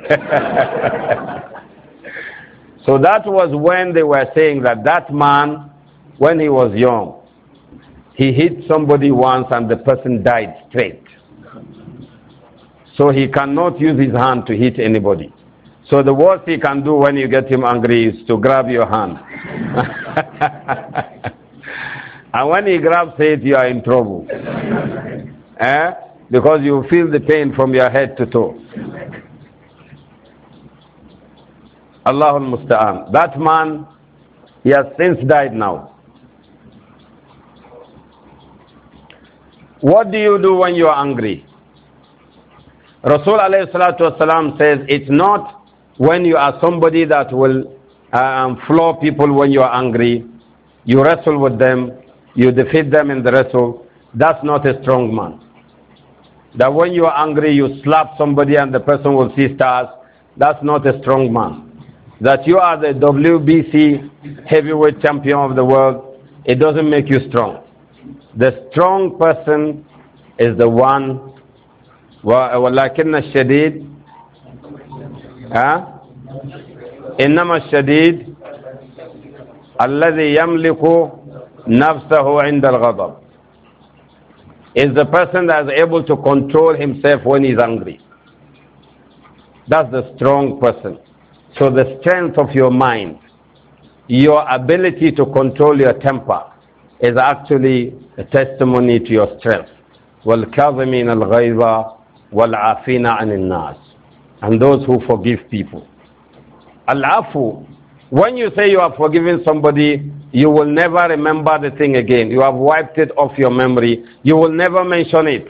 so that was when they were saying that that man, when he was young, he hit somebody once and the person died straight. So he cannot use his hand to hit anybody. So the worst he can do when you get him angry is to grab your hand. and when he grabs it, you are in trouble. Eh? Because you feel the pain from your head to toe. Allahul Musta'an. That man, he has since died now. What do you do when you are angry? Rasul alayhi says it's not when you are somebody that will um, floor people when you are angry. You wrestle with them, you defeat them in the wrestle. That's not a strong man. That when you are angry, you slap somebody and the person will see stars. That's not a strong man. That you are the WBC heavyweight champion of the world, it doesn't make you strong. The strong person is the one. ولكن الشديد ها إنما الشديد الذي يملك نفسه عند الغضب is the person that is able to control himself when he's angry. That's the strong person. So the strength of your mind, your ability to control your temper, is actually a testimony to your strength. وَالْكَاظِمِينَ الْغَيْظَ وَالْعَافِينَ عَنِ النَّاسِ And those who forgive people. Al-afu, when you say you are forgiving somebody, you will never remember the thing again. You have wiped it off your memory. You will never mention it.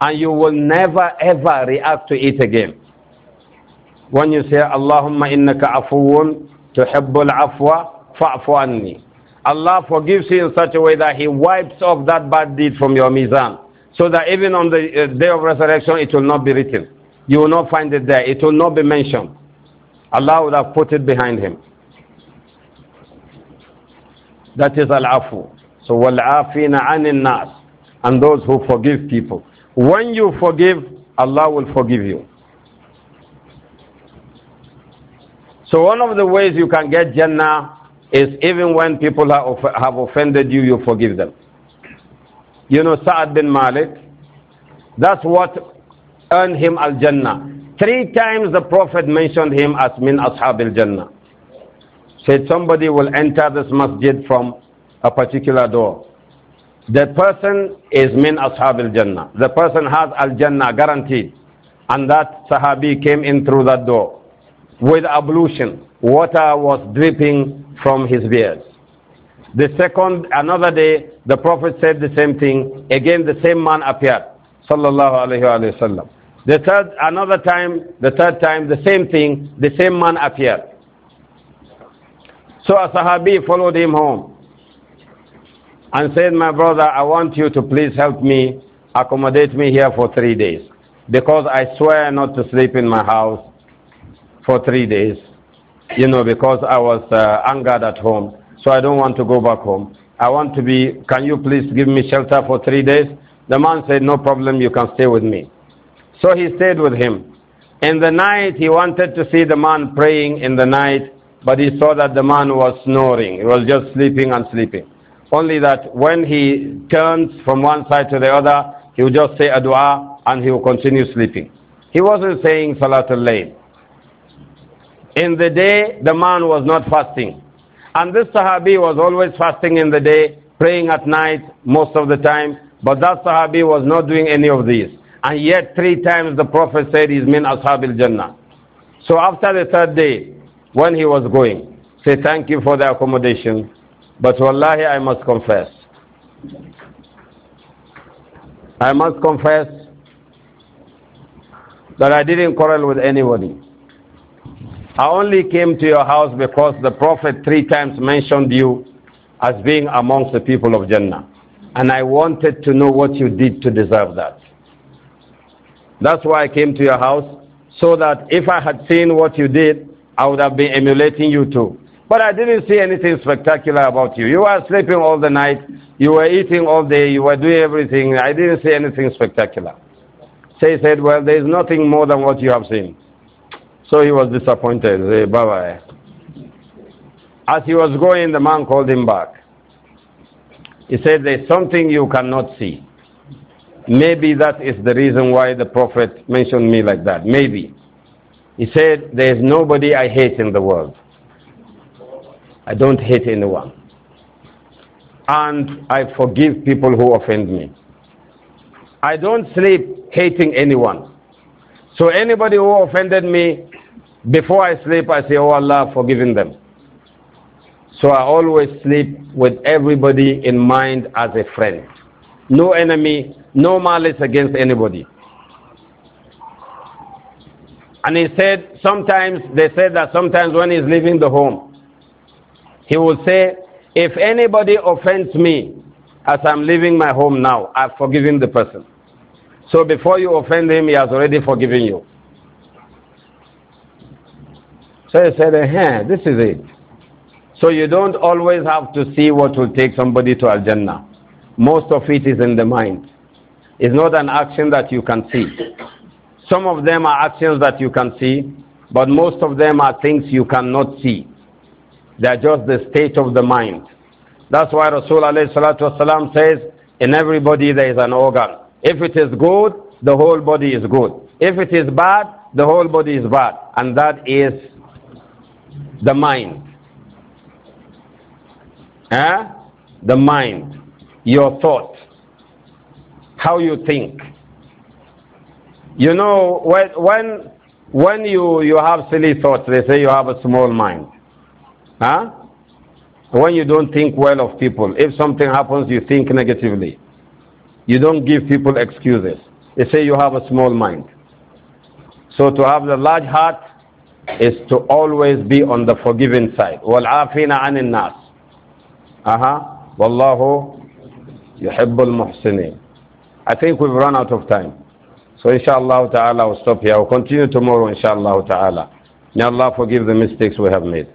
And you will never ever react to it again. When you say, Allahumma innaka afuun tuhibbul afwa fa'fu anni. Allah forgives you in such a way that He wipes off that bad deed from your mizan. So that even on the uh, day of resurrection, it will not be written. You will not find it there. It will not be mentioned. Allah would have put it behind Him. That is al-afu. So wal-afina anin nas. And those who forgive people. When you forgive, Allah will forgive you. So one of the ways you can get Jannah is even when people have offended you, you forgive them. You know Sa'ad bin Malik? That's what earned him Al-Jannah. Three times the Prophet mentioned him as min ashab al-Jannah. Said somebody will enter this masjid from a particular door. The person is min ashab al-jannah. The person has al-jannah guaranteed. And that sahabi came in through that door with ablution. Water was dripping from his beard. The second, another day, the Prophet said the same thing. Again, the same man appeared. Sallallahu alayhi wa The third, another time, the third time, the same thing, the same man appeared. So a Sahabi followed him home and said, My brother, I want you to please help me accommodate me here for three days because I swear not to sleep in my house for three days, you know, because I was uh, angered at home. So I don't want to go back home. I want to be, can you please give me shelter for three days? The man said, No problem, you can stay with me. So he stayed with him. In the night, he wanted to see the man praying in the night but he saw that the man was snoring. He was just sleeping and sleeping. Only that when he turns from one side to the other, he would just say a dua and he would continue sleeping. He wasn't saying Salatul Layl. In the day, the man was not fasting. And this Sahabi was always fasting in the day, praying at night most of the time. But that Sahabi was not doing any of these. And yet, three times the Prophet said, He's min Ashabil Jannah. So after the third day, when he was going, say, Thank you for the accommodation, but wallahi, I must confess. I must confess that I didn't quarrel with anybody. I only came to your house because the Prophet three times mentioned you as being amongst the people of Jannah. And I wanted to know what you did to deserve that. That's why I came to your house, so that if I had seen what you did, I would have been emulating you too. But I didn't see anything spectacular about you. You were sleeping all the night, you were eating all day, you were doing everything. I didn't see anything spectacular. So he said, Well, there is nothing more than what you have seen. So he was disappointed. Bye bye eh? As he was going, the man called him back. He said, There's something you cannot see. Maybe that is the reason why the Prophet mentioned me like that. Maybe. He said, There is nobody I hate in the world. I don't hate anyone. And I forgive people who offend me. I don't sleep hating anyone. So anybody who offended me, before I sleep, I say, Oh Allah, forgiving them. So I always sleep with everybody in mind as a friend. No enemy, no malice against anybody. And he said, sometimes, they said that sometimes when he's leaving the home, he will say, if anybody offends me as I'm leaving my home now, I've forgiven the person. So before you offend him, he has already forgiven you. So he said, hey, this is it. So you don't always have to see what will take somebody to Al Jannah. Most of it is in the mind. It's not an action that you can see. Some of them are actions that you can see, but most of them are things you cannot see. They are just the state of the mind. That's why Rasul says, In everybody there is an organ. If it is good, the whole body is good. If it is bad, the whole body is bad. And that is the mind. Eh? The mind. Your thought. How you think. You know, when, when, you, you have silly thoughts, they say you have a small mind. Huh? When you don't think well of people, if something happens, you think negatively. You don't give people excuses. They say you have a small mind. So to have the large heart is to always be on the forgiving side. وَالْعَافِينَ عَنِ النَّاسِ Aha. Wallahu yuhibbul muhsinin. I think we've run out of time. So inshallah ta'ala we'll stop here. We'll continue tomorrow inshallah ta'ala. May Allah forgive the mistakes we have made.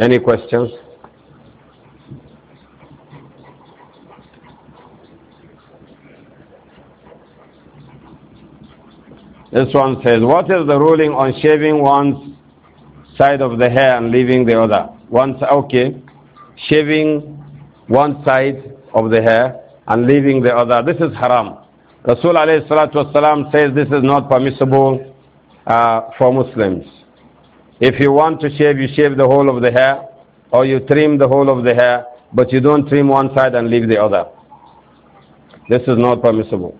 Any questions? This one says, What is the ruling on shaving one side of the hair and leaving the other? One, okay, shaving one side of the hair and leaving the other. This is haram. Rasul alayhi salatu wasalam says this is not permissible uh, for Muslims. If you want to shave, you shave the whole of the hair or you trim the whole of the hair, but you don't trim one side and leave the other. This is not permissible.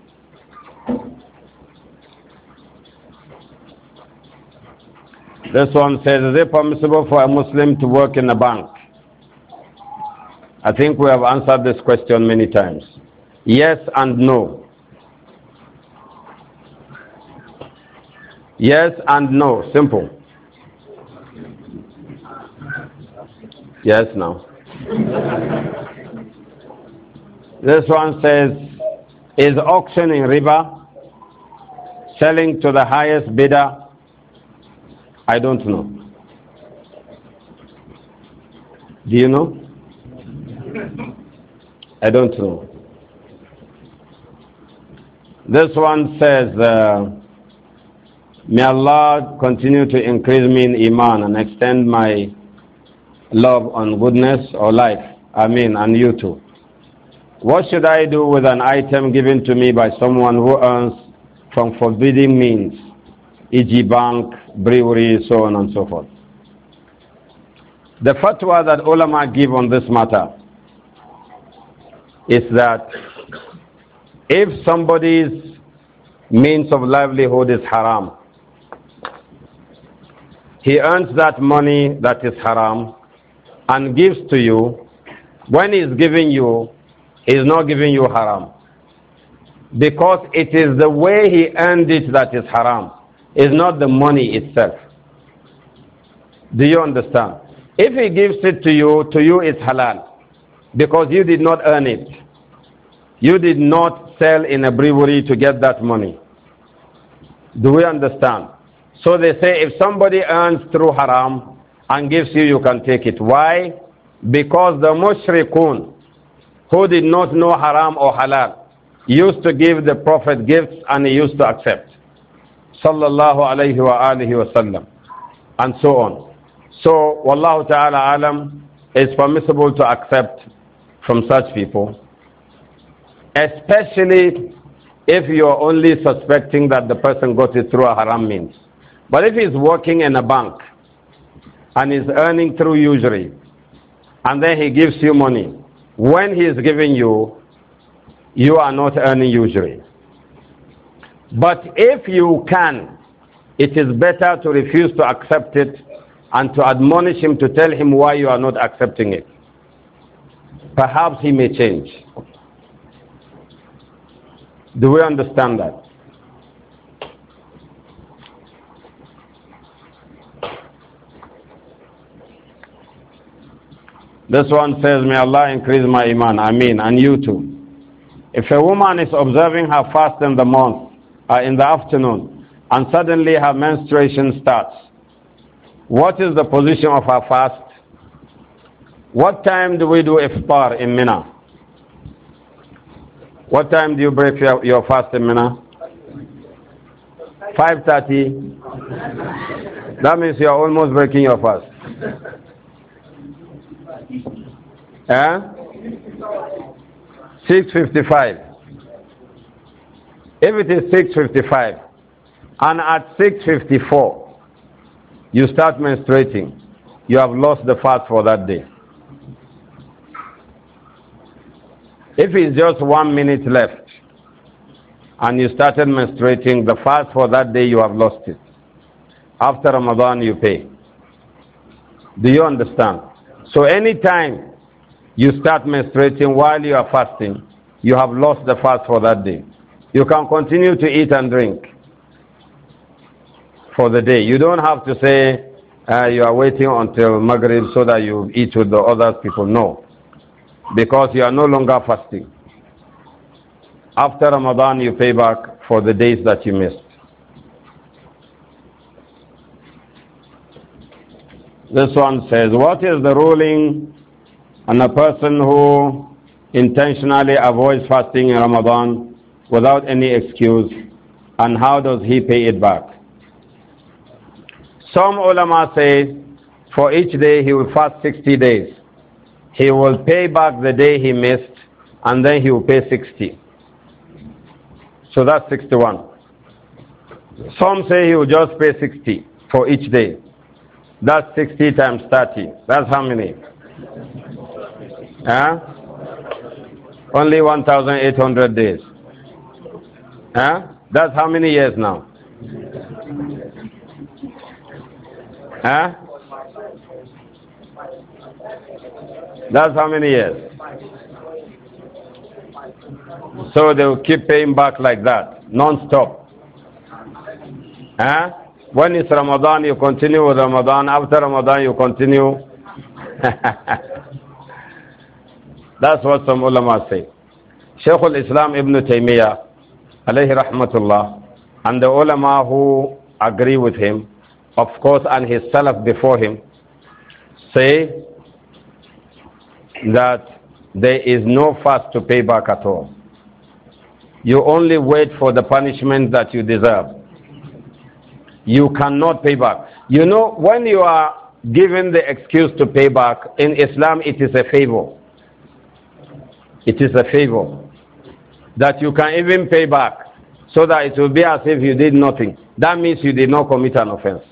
This one says, is it permissible for a Muslim to work in a bank? I think we have answered this question many times. Yes and no. Yes and no. Simple. Yes, now. this one says Is auctioning riba? Selling to the highest bidder? I don't know. Do you know? I don't know. This one says, uh, May Allah continue to increase me in Iman and extend my love on goodness or life. I mean, and you too. What should I do with an item given to me by someone who earns from forbidding means, e.g., bank, brewery, so on and so forth? The fatwa that ulama give on this matter is that if somebody's means of livelihood is haram, he earns that money that is haram and gives to you, when he's giving you, he's not giving you haram. Because it is the way he earned it that is haram, it's not the money itself. Do you understand? If he gives it to you, to you it's halal because you did not earn it. You did not sell in a brewery to get that money. Do we understand? So they say if somebody earns through haram and gives you, you can take it. Why? Because the mushrikun who did not know haram or halal used to give the Prophet gifts and he used to accept. Sallallahu alayhi wa wa sallam. And so on. So, Wallahu ta'ala alam, it's permissible to accept from such people, especially if you are only suspecting that the person got it through a haram means. But if he's working in a bank and is earning through usury, and then he gives you money, when he is giving you, you are not earning usury. But if you can, it is better to refuse to accept it and to admonish him to tell him why you are not accepting it perhaps he may change. Do we understand that? This one says, May Allah increase my iman. I mean, and you too. If a woman is observing her fast in the month, uh, in the afternoon, and suddenly her menstruation starts, what is the position of her fast? What time do we do iftar in Mina? What time do you break your, your fast in Mina? 5.30. That means you are almost breaking your fast. Eh? 6.55. If it is 6.55 and at 6.54 you start menstruating, you have lost the fast for that day. If it's just one minute left and you started menstruating, the fast for that day you have lost it. After Ramadan, you pay. Do you understand? So anytime you start menstruating while you are fasting, you have lost the fast for that day. You can continue to eat and drink for the day. You don't have to say uh, you are waiting until Maghrib so that you eat with the other people. No because you are no longer fasting. After Ramadan, you pay back for the days that you missed. This one says, What is the ruling on a person who intentionally avoids fasting in Ramadan without any excuse, and how does he pay it back? Some ulama say for each day he will fast 60 days. He will pay back the day he missed, and then he will pay 60. So that's 61. Some say he will just pay 60 for each day. That's 60 times 30. That's how many? Huh? Only 1,800 days. Huh? That's how many years now? Huh? That's how many years? So they will keep paying back like that, non-stop. Huh? When it's Ramadan, you continue with Ramadan. After Ramadan, you continue. That's what some ulama say. Shaykh al-Islam Ibn Taymiyyah, alayhi rahmatullah, and the ulama who agree with him, of course, and his salaf before him, say that there is no fast to pay back at all. You only wait for the punishment that you deserve. You cannot pay back. You know, when you are given the excuse to pay back, in Islam it is a favor. It is a favor that you can even pay back so that it will be as if you did nothing. That means you did not commit an offense.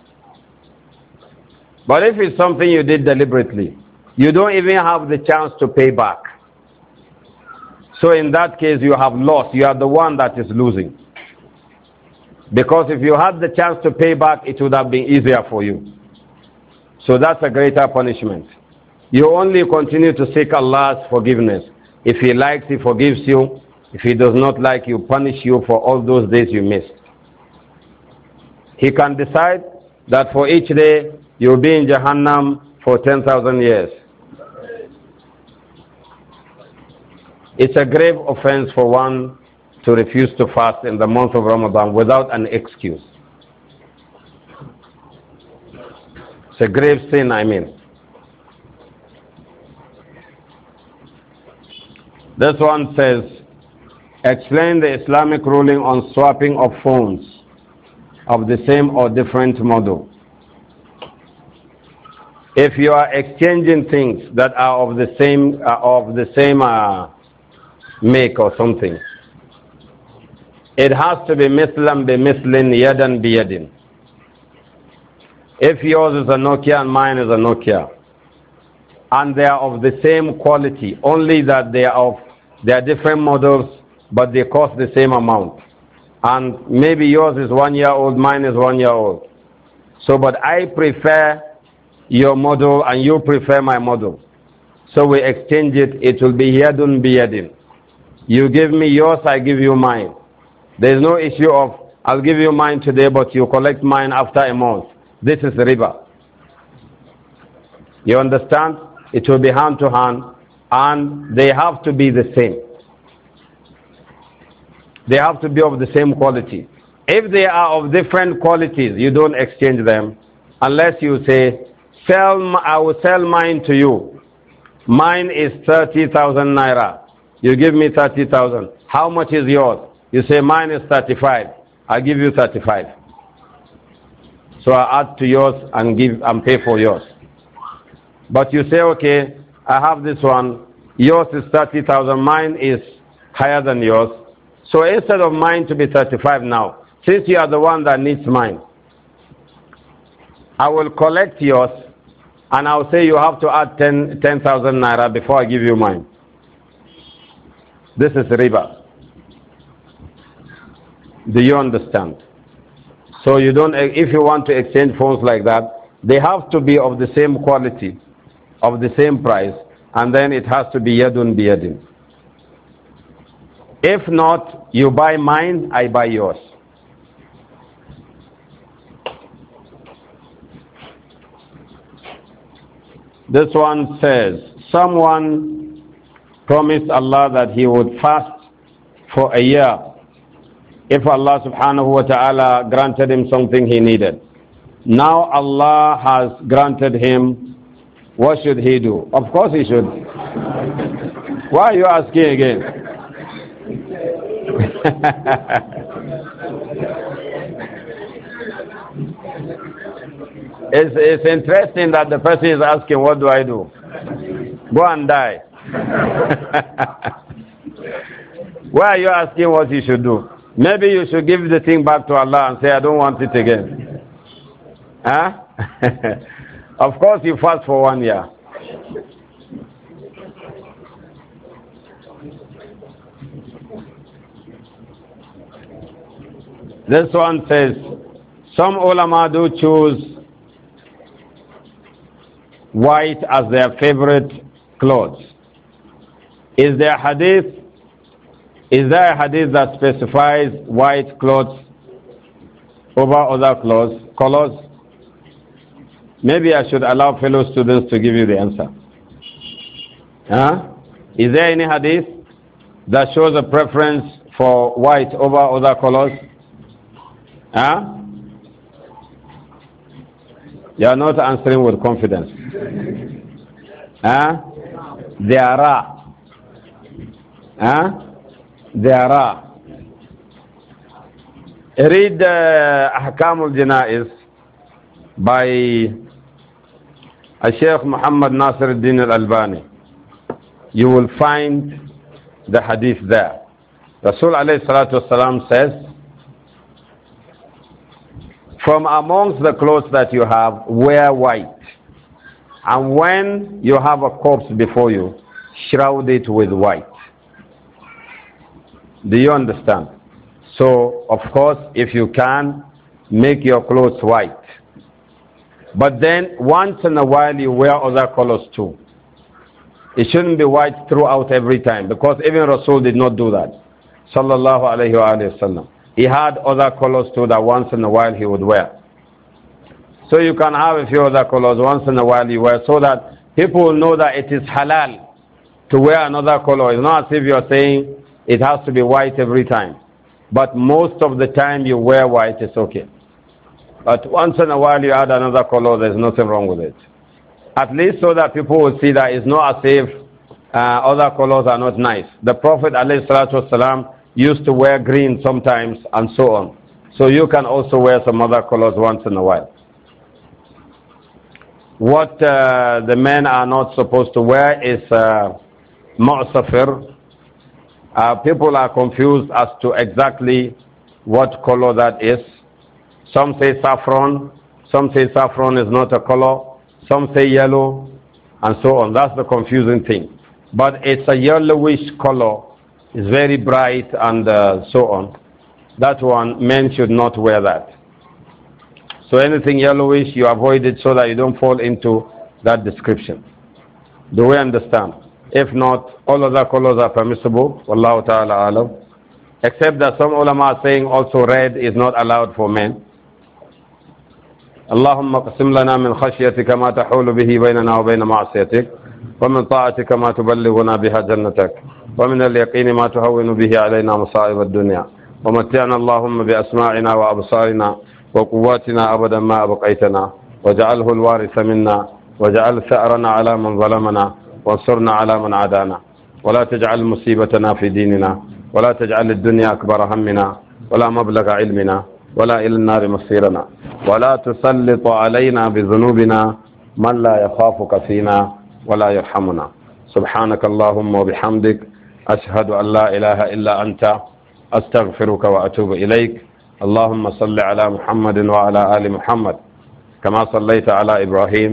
But if it's something you did deliberately, you don't even have the chance to pay back. So in that case, you have lost. You are the one that is losing. Because if you had the chance to pay back, it would have been easier for you. So that's a greater punishment. You only continue to seek Allah's forgiveness. If He likes, He forgives you. If He does not like you, punish you for all those days you missed. He can decide that for each day you'll be in Jahannam for 10,000 years. It's a grave offense for one to refuse to fast in the month of Ramadan without an excuse. It's a grave sin, I mean. This one says, explain the Islamic ruling on swapping of phones of the same or different model. If you are exchanging things that are of the same, uh, of the same uh, make or something. It has to be mislan be mislin, yadan be yadin. If yours is a Nokia and mine is a Nokia, and they are of the same quality, only that they are of they are different models, but they cost the same amount. And maybe yours is one year old, mine is one year old. So, but I prefer your model and you prefer my model. So we exchange it, it will be yadun biyadin. You give me yours, I give you mine. There is no issue of, I'll give you mine today, but you collect mine after a month. This is riba. You understand? It will be hand to hand, and they have to be the same. They have to be of the same quality. If they are of different qualities, you don't exchange them unless you say, sell, I will sell mine to you. Mine is 30,000 naira. You give me 30,000. How much is yours? You say, mine is 35. I give you 35. So I add to yours and give and pay for yours. But you say, okay, I have this one. Yours is 30,000. Mine is higher than yours. So instead of mine to be 35 now, since you are the one that needs mine, I will collect yours and I'll say you have to add 10,000 10, naira before I give you mine. This is riba. Do you understand? So you don't, if you want to exchange phones like that, they have to be of the same quality, of the same price, and then it has to be yadun biyadin. If not, you buy mine, I buy yours. This one says, someone promised Allah that he would fast for a year if Allah subhanahu wa ta'ala granted him something he needed. Now Allah has granted him, what should he do? Of course he should. Why are you asking again? it's, it's interesting that the person is asking, what do I do? Go and die. Why are you asking what you should do? Maybe you should give the thing back to Allah and say, I don't want it again. Huh? of course, you fast for one year. This one says, some ulama do choose white as their favorite clothes. Is there hadith? Is there a hadith that specifies white clothes over other clothes, colors? Maybe I should allow fellow students to give you the answer. Huh? Is there any hadith that shows a preference for white over other colors? Huh? You are not answering with confidence. huh? There are. Huh? There are. Read uh, Ahkam al-Janais by Sheikh Muhammad Nasir al-Din al-Albani. You will find the hadith there. Rasul alayhi salatu says, from amongst the clothes that you have, wear white. And when you have a corpse before you, shroud it with white. Do you understand? So, of course, if you can, make your clothes white. But then once in a while you wear other colors too. It shouldn't be white throughout every time because even Rasul did not do that. Sallallahu alayhi wa sallam. He had other colors too that once in a while he would wear. So you can have a few other colors once in a while you wear so that people will know that it is halal to wear another color. It's not as if you are saying it has to be white every time. But most of the time you wear white, it's okay. But once in a while you add another color, there's nothing wrong with it. At least so that people will see that it's not as if uh, other colors are not nice. The Prophet والسلام, used to wear green sometimes and so on. So you can also wear some other colors once in a while. What uh, the men are not supposed to wear is uh, mu'safir, uh, people are confused as to exactly what color that is. Some say saffron, some say saffron is not a color, some say yellow, and so on. That's the confusing thing. But it's a yellowish color, it's very bright, and uh, so on. That one, men should not wear that. So anything yellowish, you avoid it so that you don't fall into that description. Do we understand? If not, all other colors are permissible. Wallahu ta'ala alam. Except that some ulama are saying also red is not allowed for men. اللهم اقسم لنا من خشيتك ما تحول به بيننا وبين معصيتك ومن طاعتك ما تبلغنا بها جنتك ومن اليقين ما تهون به علينا مصائب الدنيا ومتعنا اللهم بأسماعنا وأبصارنا وقواتنا أبدا ما أبقيتنا واجعله الوارث منا واجعل ثأرنا على من ظلمنا وانصرنا على من عادانا ولا تجعل مصيبتنا في ديننا ولا تجعل الدنيا أكبر همنا ولا مبلغ علمنا ولا إلى النار مصيرنا ولا تسلط علينا بذنوبنا من لا يخافك فينا ولا يرحمنا سبحانك اللهم وبحمدك أشهد أن لا إله إلا أنت أستغفرك وأتوب إليك اللهم صل على محمد وعلى آل محمد كما صليت على إبراهيم